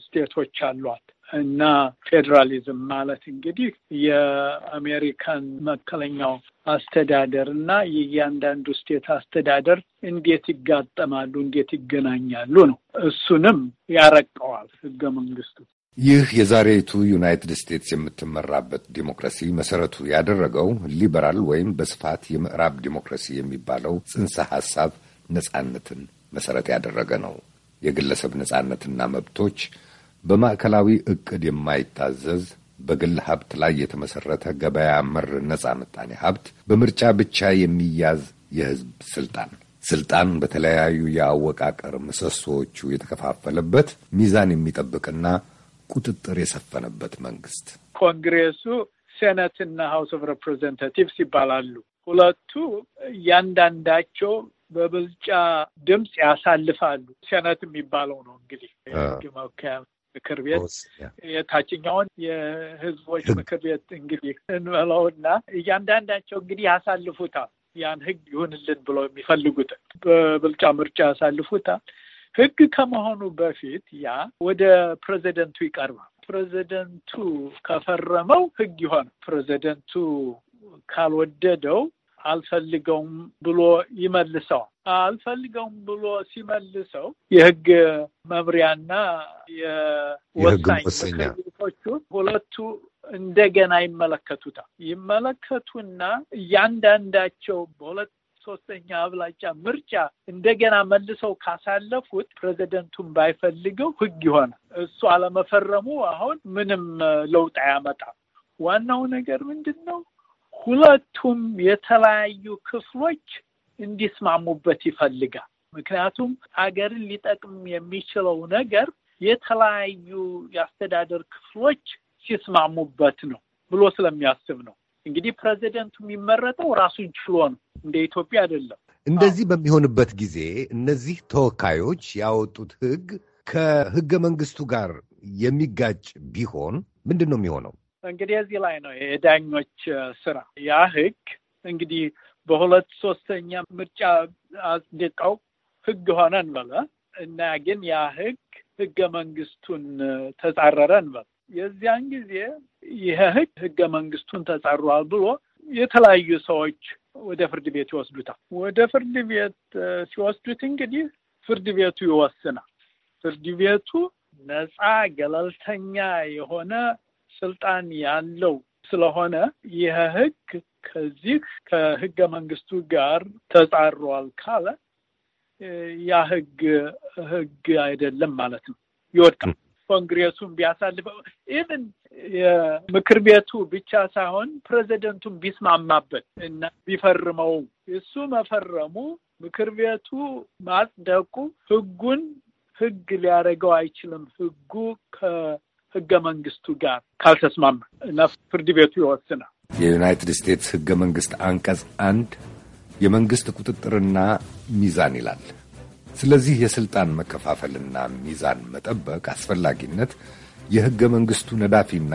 ስቴቶች አሏት። እና ፌዴራሊዝም ማለት እንግዲህ የአሜሪካን መከለኛው አስተዳደር እና የእያንዳንዱ ስቴት አስተዳደር እንዴት ይጋጠማሉ፣ እንዴት ይገናኛሉ ነው። እሱንም ያረቀዋል ህገ መንግስቱ። ይህ የዛሬቱ ዩናይትድ ስቴትስ የምትመራበት ዲሞክራሲ መሰረቱ ያደረገው ሊበራል ወይም በስፋት የምዕራብ ዲሞክራሲ የሚባለው ጽንሰ ሐሳብ ነጻነትን መሰረት ያደረገ ነው። የግለሰብ ነጻነትና መብቶች በማዕከላዊ እቅድ የማይታዘዝ በግል ሀብት ላይ የተመሠረተ ገበያ መር ነፃ ምጣኔ ሀብት፣ በምርጫ ብቻ የሚያዝ የህዝብ ስልጣን፣ ስልጣን በተለያዩ የአወቃቀር ምሰሶዎቹ የተከፋፈለበት ሚዛን የሚጠብቅና ቁጥጥር የሰፈነበት መንግስት። ኮንግሬሱ ሴኔትና ሀውስ ኦፍ ሬፕሬዘንታቲቭስ ይባላሉ። ሁለቱ እያንዳንዳቸው በብልጫ ድምፅ ያሳልፋሉ። ሴነት የሚባለው ነው እንግዲህ የህግ መወከያ ምክር ቤት የታችኛውን የህዝቦች ምክር ቤት እንግዲህ እና እያንዳንዳቸው እንግዲህ ያሳልፉታል ያን ህግ ይሁንልን ብለው የሚፈልጉት በብልጫ ምርጫ ያሳልፉታል። ህግ ከመሆኑ በፊት ያ ወደ ፕሬዚደንቱ ይቀርባል። ፕሬዚደንቱ ከፈረመው ህግ ይሆን ፕሬዚደንቱ ካልወደደው አልፈልገውም ብሎ ይመልሰዋል። አልፈልገውም ብሎ ሲመልሰው የህግ መምሪያና የወሳኝቶቹ ሁለቱ እንደገና ይመለከቱታል። ይመለከቱና እያንዳንዳቸው በሁለት ሶስተኛ አብላጫ ምርጫ እንደገና መልሰው ካሳለፉት ፕሬዚደንቱን ባይፈልገው ህግ ይሆናል። እሱ አለመፈረሙ አሁን ምንም ለውጥ አያመጣም። ዋናው ነገር ምንድን ነው? ሁለቱም የተለያዩ ክፍሎች እንዲስማሙበት ይፈልጋል። ምክንያቱም አገርን ሊጠቅም የሚችለው ነገር የተለያዩ የአስተዳደር ክፍሎች ሲስማሙበት ነው ብሎ ስለሚያስብ ነው። እንግዲህ ፕሬዚደንቱ የሚመረጠው ራሱን ችሎ ነው፣ እንደ ኢትዮጵያ አይደለም። እንደዚህ በሚሆንበት ጊዜ እነዚህ ተወካዮች ያወጡት ሕግ ከሕገ መንግስቱ ጋር የሚጋጭ ቢሆን ምንድን ነው የሚሆነው? እንግዲህ እዚህ ላይ ነው የዳኞች ስራ። ያ ህግ እንግዲህ በሁለት ሶስተኛ ምርጫ አጽድቀው ህግ ሆነ እንበለ እና ግን ያ ህግ ህገ መንግስቱን ተጻረረ እንበለ። የዚያን ጊዜ ይሄ ህግ ህገ መንግስቱን ተጻሯል ብሎ የተለያዩ ሰዎች ወደ ፍርድ ቤት ይወስዱታል። ወደ ፍርድ ቤት ሲወስዱት እንግዲህ ፍርድ ቤቱ ይወስናል። ፍርድ ቤቱ ነፃ ገለልተኛ የሆነ ስልጣን ያለው ስለሆነ ይህ ህግ ከዚህ ከህገ መንግስቱ ጋር ተጻሯል ካለ ያ ህግ ህግ አይደለም ማለት ነው፣ ይወድቃል። ኮንግሬሱን ቢያሳልፈው ኢቨን የምክር ቤቱ ብቻ ሳይሆን ፕሬዚደንቱን ቢስማማበት እና ቢፈርመው እሱ መፈረሙ ምክር ቤቱ ማጽደቁ ህጉን ህግ ሊያደርገው አይችልም። ህጉ ህገ መንግስቱ ጋር ካልተስማማ እና ፍርድ ቤቱ ይወስናል። የዩናይትድ ስቴትስ ህገ መንግስት አንቀጽ አንድ የመንግስት ቁጥጥርና ሚዛን ይላል። ስለዚህ የስልጣን መከፋፈልና ሚዛን መጠበቅ አስፈላጊነት የህገ መንግስቱ ነዳፊና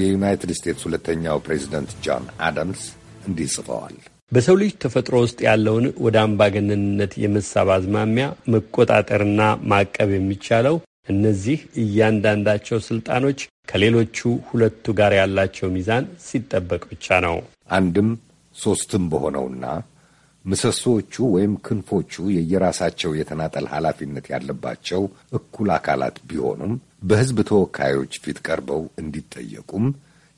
የዩናይትድ ስቴትስ ሁለተኛው ፕሬዚደንት ጆን አዳምስ እንዲህ ጽፈዋል። በሰው ልጅ ተፈጥሮ ውስጥ ያለውን ወደ አምባገነንነት የመሳብ አዝማሚያ መቆጣጠርና ማቀብ የሚቻለው እነዚህ እያንዳንዳቸው ስልጣኖች ከሌሎቹ ሁለቱ ጋር ያላቸው ሚዛን ሲጠበቅ ብቻ ነው። አንድም ሶስትም በሆነውና ምሰሶዎቹ ወይም ክንፎቹ የየራሳቸው የተናጠል ኃላፊነት ያለባቸው እኩል አካላት ቢሆኑም በሕዝብ ተወካዮች ፊት ቀርበው እንዲጠየቁም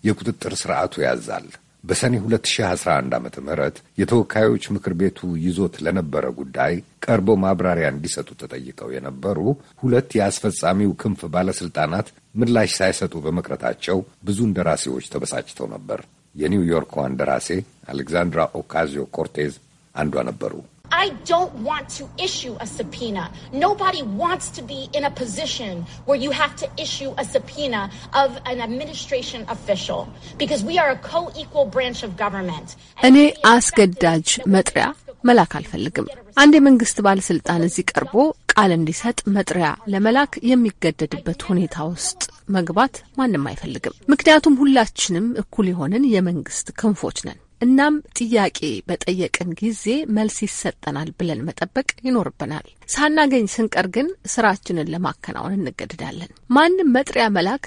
የቁጥጥር ስርዓቱ ያዛል። በሰኔ 2011 ዓ ም የተወካዮች ምክር ቤቱ ይዞት ለነበረ ጉዳይ ቀርበው ማብራሪያ እንዲሰጡ ተጠይቀው የነበሩ ሁለት የአስፈጻሚው ክንፍ ባለሥልጣናት ምላሽ ሳይሰጡ በመቅረታቸው ብዙ እንደራሴዎች ተበሳጭተው ነበር። የኒውዮርክዋ ደራሴ አሌክዛንድራ ኦካዚዮ ኮርቴዝ አንዷ ነበሩ። I don't want to issue a subpoena. Nobody wants to be in a position where you have to issue a subpoena of an administration official because we are a co-equal branch of government. እኔ አስገዳጅ መጥሪያ መላክ አልፈልግም። አንድ የመንግስት ባለስልጣን እዚህ ቀርቦ ቃል እንዲሰጥ መጥሪያ ለመላክ የሚገደድበት ሁኔታ ውስጥ መግባት ማንም አይፈልግም። ምክንያቱም ሁላችንም እኩል የሆንን የመንግስት ክንፎች ነን። እናም ጥያቄ በጠየቅን ጊዜ መልስ ይሰጠናል ብለን መጠበቅ ይኖርብናል። ሳናገኝ ስንቀር ግን ስራችንን ለማከናወን እንገደዳለን። ማንም መጥሪያ መላክ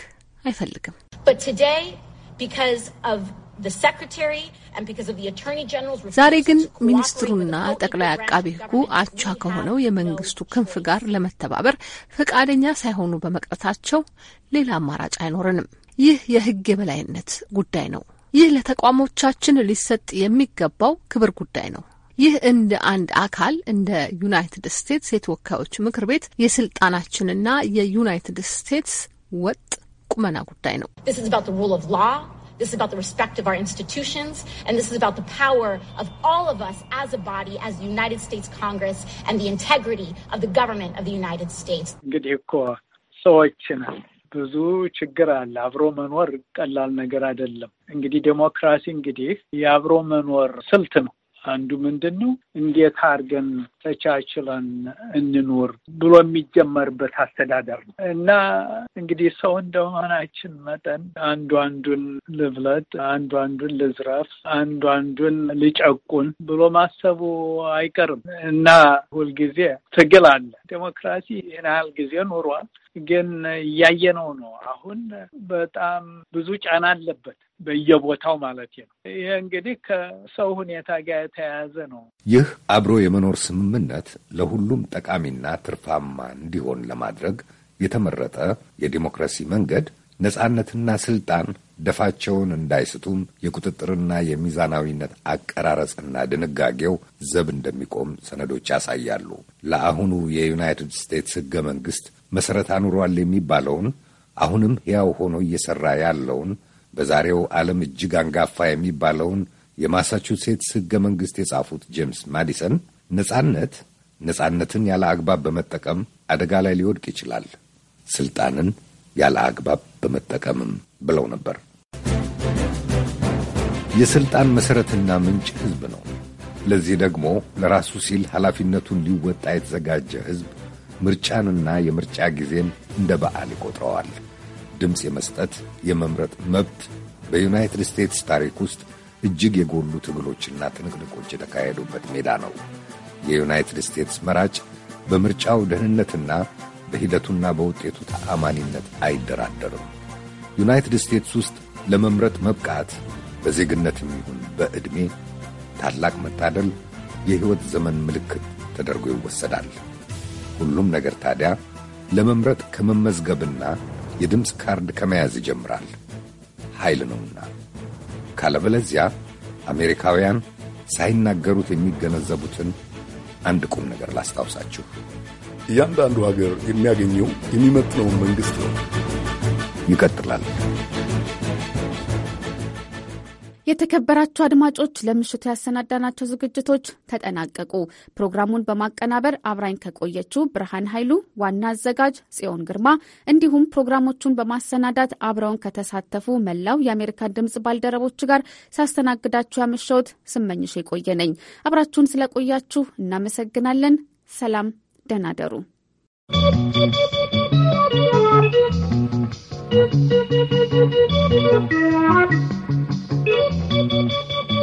አይፈልግም። ዛሬ ግን ሚኒስትሩና ጠቅላይ አቃቢ ሕጉ አቻ ከሆነው የመንግስቱ ክንፍ ጋር ለመተባበር ፈቃደኛ ሳይሆኑ በመቅረታቸው ሌላ አማራጭ አይኖረንም። ይህ የሕግ የበላይነት ጉዳይ ነው። ይህ ለተቋሞቻችን ሊሰጥ የሚገባው ክብር ጉዳይ ነው። ይህ እንደ አንድ አካል እንደ ዩናይትድ ስቴትስ የተወካዮች ምክር ቤት የስልጣናችንና የዩናይትድ ስቴትስ ወጥ ቁመና ጉዳይ ነው። This is about the respect of our institutions, and this is about the power of all of us as a body, as the United States Congress, and the integrity of the government of the United States. ብዙ ችግር አለ። አብሮ መኖር ቀላል ነገር አይደለም። እንግዲህ ዴሞክራሲ እንግዲህ የአብሮ መኖር ስልት ነው። አንዱ ምንድን ነው እንዴት አድርገን ተቻችለን እንኖር ብሎ የሚጀመርበት አስተዳደር ነው እና እንግዲህ ሰው እንደመሆናችን መጠን አንዱ አንዱን ልብለጥ፣ አንዱ አንዱን ልዝረፍ፣ አንዱ አንዱን ልጨቁን ብሎ ማሰቡ አይቀርም እና ሁልጊዜ ትግል አለ። ዴሞክራሲ ይህን ያህል ጊዜ ኖሯል፣ ግን እያየነው ነው። አሁን በጣም ብዙ ጫና አለበት። በየቦታው ማለት ነው። ይህ እንግዲህ ከሰው ሁኔታ ጋር የተያያዘ ነው። ይህ አብሮ የመኖር ስምምነት ለሁሉም ጠቃሚና ትርፋማ እንዲሆን ለማድረግ የተመረጠ የዲሞክራሲ መንገድ ነጻነትና ስልጣን ደፋቸውን እንዳይስቱም የቁጥጥርና የሚዛናዊነት አቀራረጽና ድንጋጌው ዘብ እንደሚቆም ሰነዶች ያሳያሉ። ለአሁኑ የዩናይትድ ስቴትስ ሕገ መንግሥት መሠረት አኑሯል የሚባለውን አሁንም ሕያው ሆኖ እየሠራ ያለውን በዛሬው ዓለም እጅግ አንጋፋ የሚባለውን የማሳቹሴትስ ሕገ መንግሥት የጻፉት ጄምስ ማዲሰን ነጻነት ነጻነትን ያለ አግባብ በመጠቀም አደጋ ላይ ሊወድቅ ይችላል፣ ስልጣንን ያለ አግባብ በመጠቀምም ብለው ነበር። የስልጣን መሠረትና ምንጭ ሕዝብ ነው። ለዚህ ደግሞ ለራሱ ሲል ኃላፊነቱን ሊወጣ የተዘጋጀ ሕዝብ ምርጫንና የምርጫ ጊዜን እንደ በዓል ይቆጥረዋል። ድምፅ የመስጠት የመምረጥ መብት በዩናይትድ ስቴትስ ታሪክ ውስጥ እጅግ የጎሉ ትግሎችና ትንቅንቆች የተካሄዱበት ሜዳ ነው። የዩናይትድ ስቴትስ መራጭ በምርጫው ደህንነትና በሂደቱና በውጤቱ ተአማኒነት አይደራደርም። ዩናይትድ ስቴትስ ውስጥ ለመምረጥ መብቃት በዜግነትም ይሁን በዕድሜ ታላቅ መታደል፣ የሕይወት ዘመን ምልክት ተደርጎ ይወሰዳል። ሁሉም ነገር ታዲያ ለመምረጥ ከመመዝገብና የድምፅ ካርድ ከመያዝ ይጀምራል። ኃይል ነውና ካለበለዚያ አሜሪካውያን ሳይናገሩት የሚገነዘቡትን አንድ ቁም ነገር ላስታውሳችሁ። እያንዳንዱ ሀገር የሚያገኘው የሚመጥነውን መንግሥት ነው። ይቀጥላል። የተከበራቸው አድማጮች ለምሽቱ ያሰናዳናቸው ዝግጅቶች ተጠናቀቁ። ፕሮግራሙን በማቀናበር አብራኝ ከቆየችው ብርሃን ኃይሉ፣ ዋና አዘጋጅ ጽዮን ግርማ እንዲሁም ፕሮግራሞቹን በማሰናዳት አብረውን ከተሳተፉ መላው የአሜሪካ ድምጽ ባልደረቦች ጋር ሳስተናግዳችሁ ያመሸሁት ስመኝሽ የቆየ ነኝ። አብራችሁን ስለቆያችሁ እናመሰግናለን። ሰላም፣ ደህና ደሩ። Thank you. Thank you.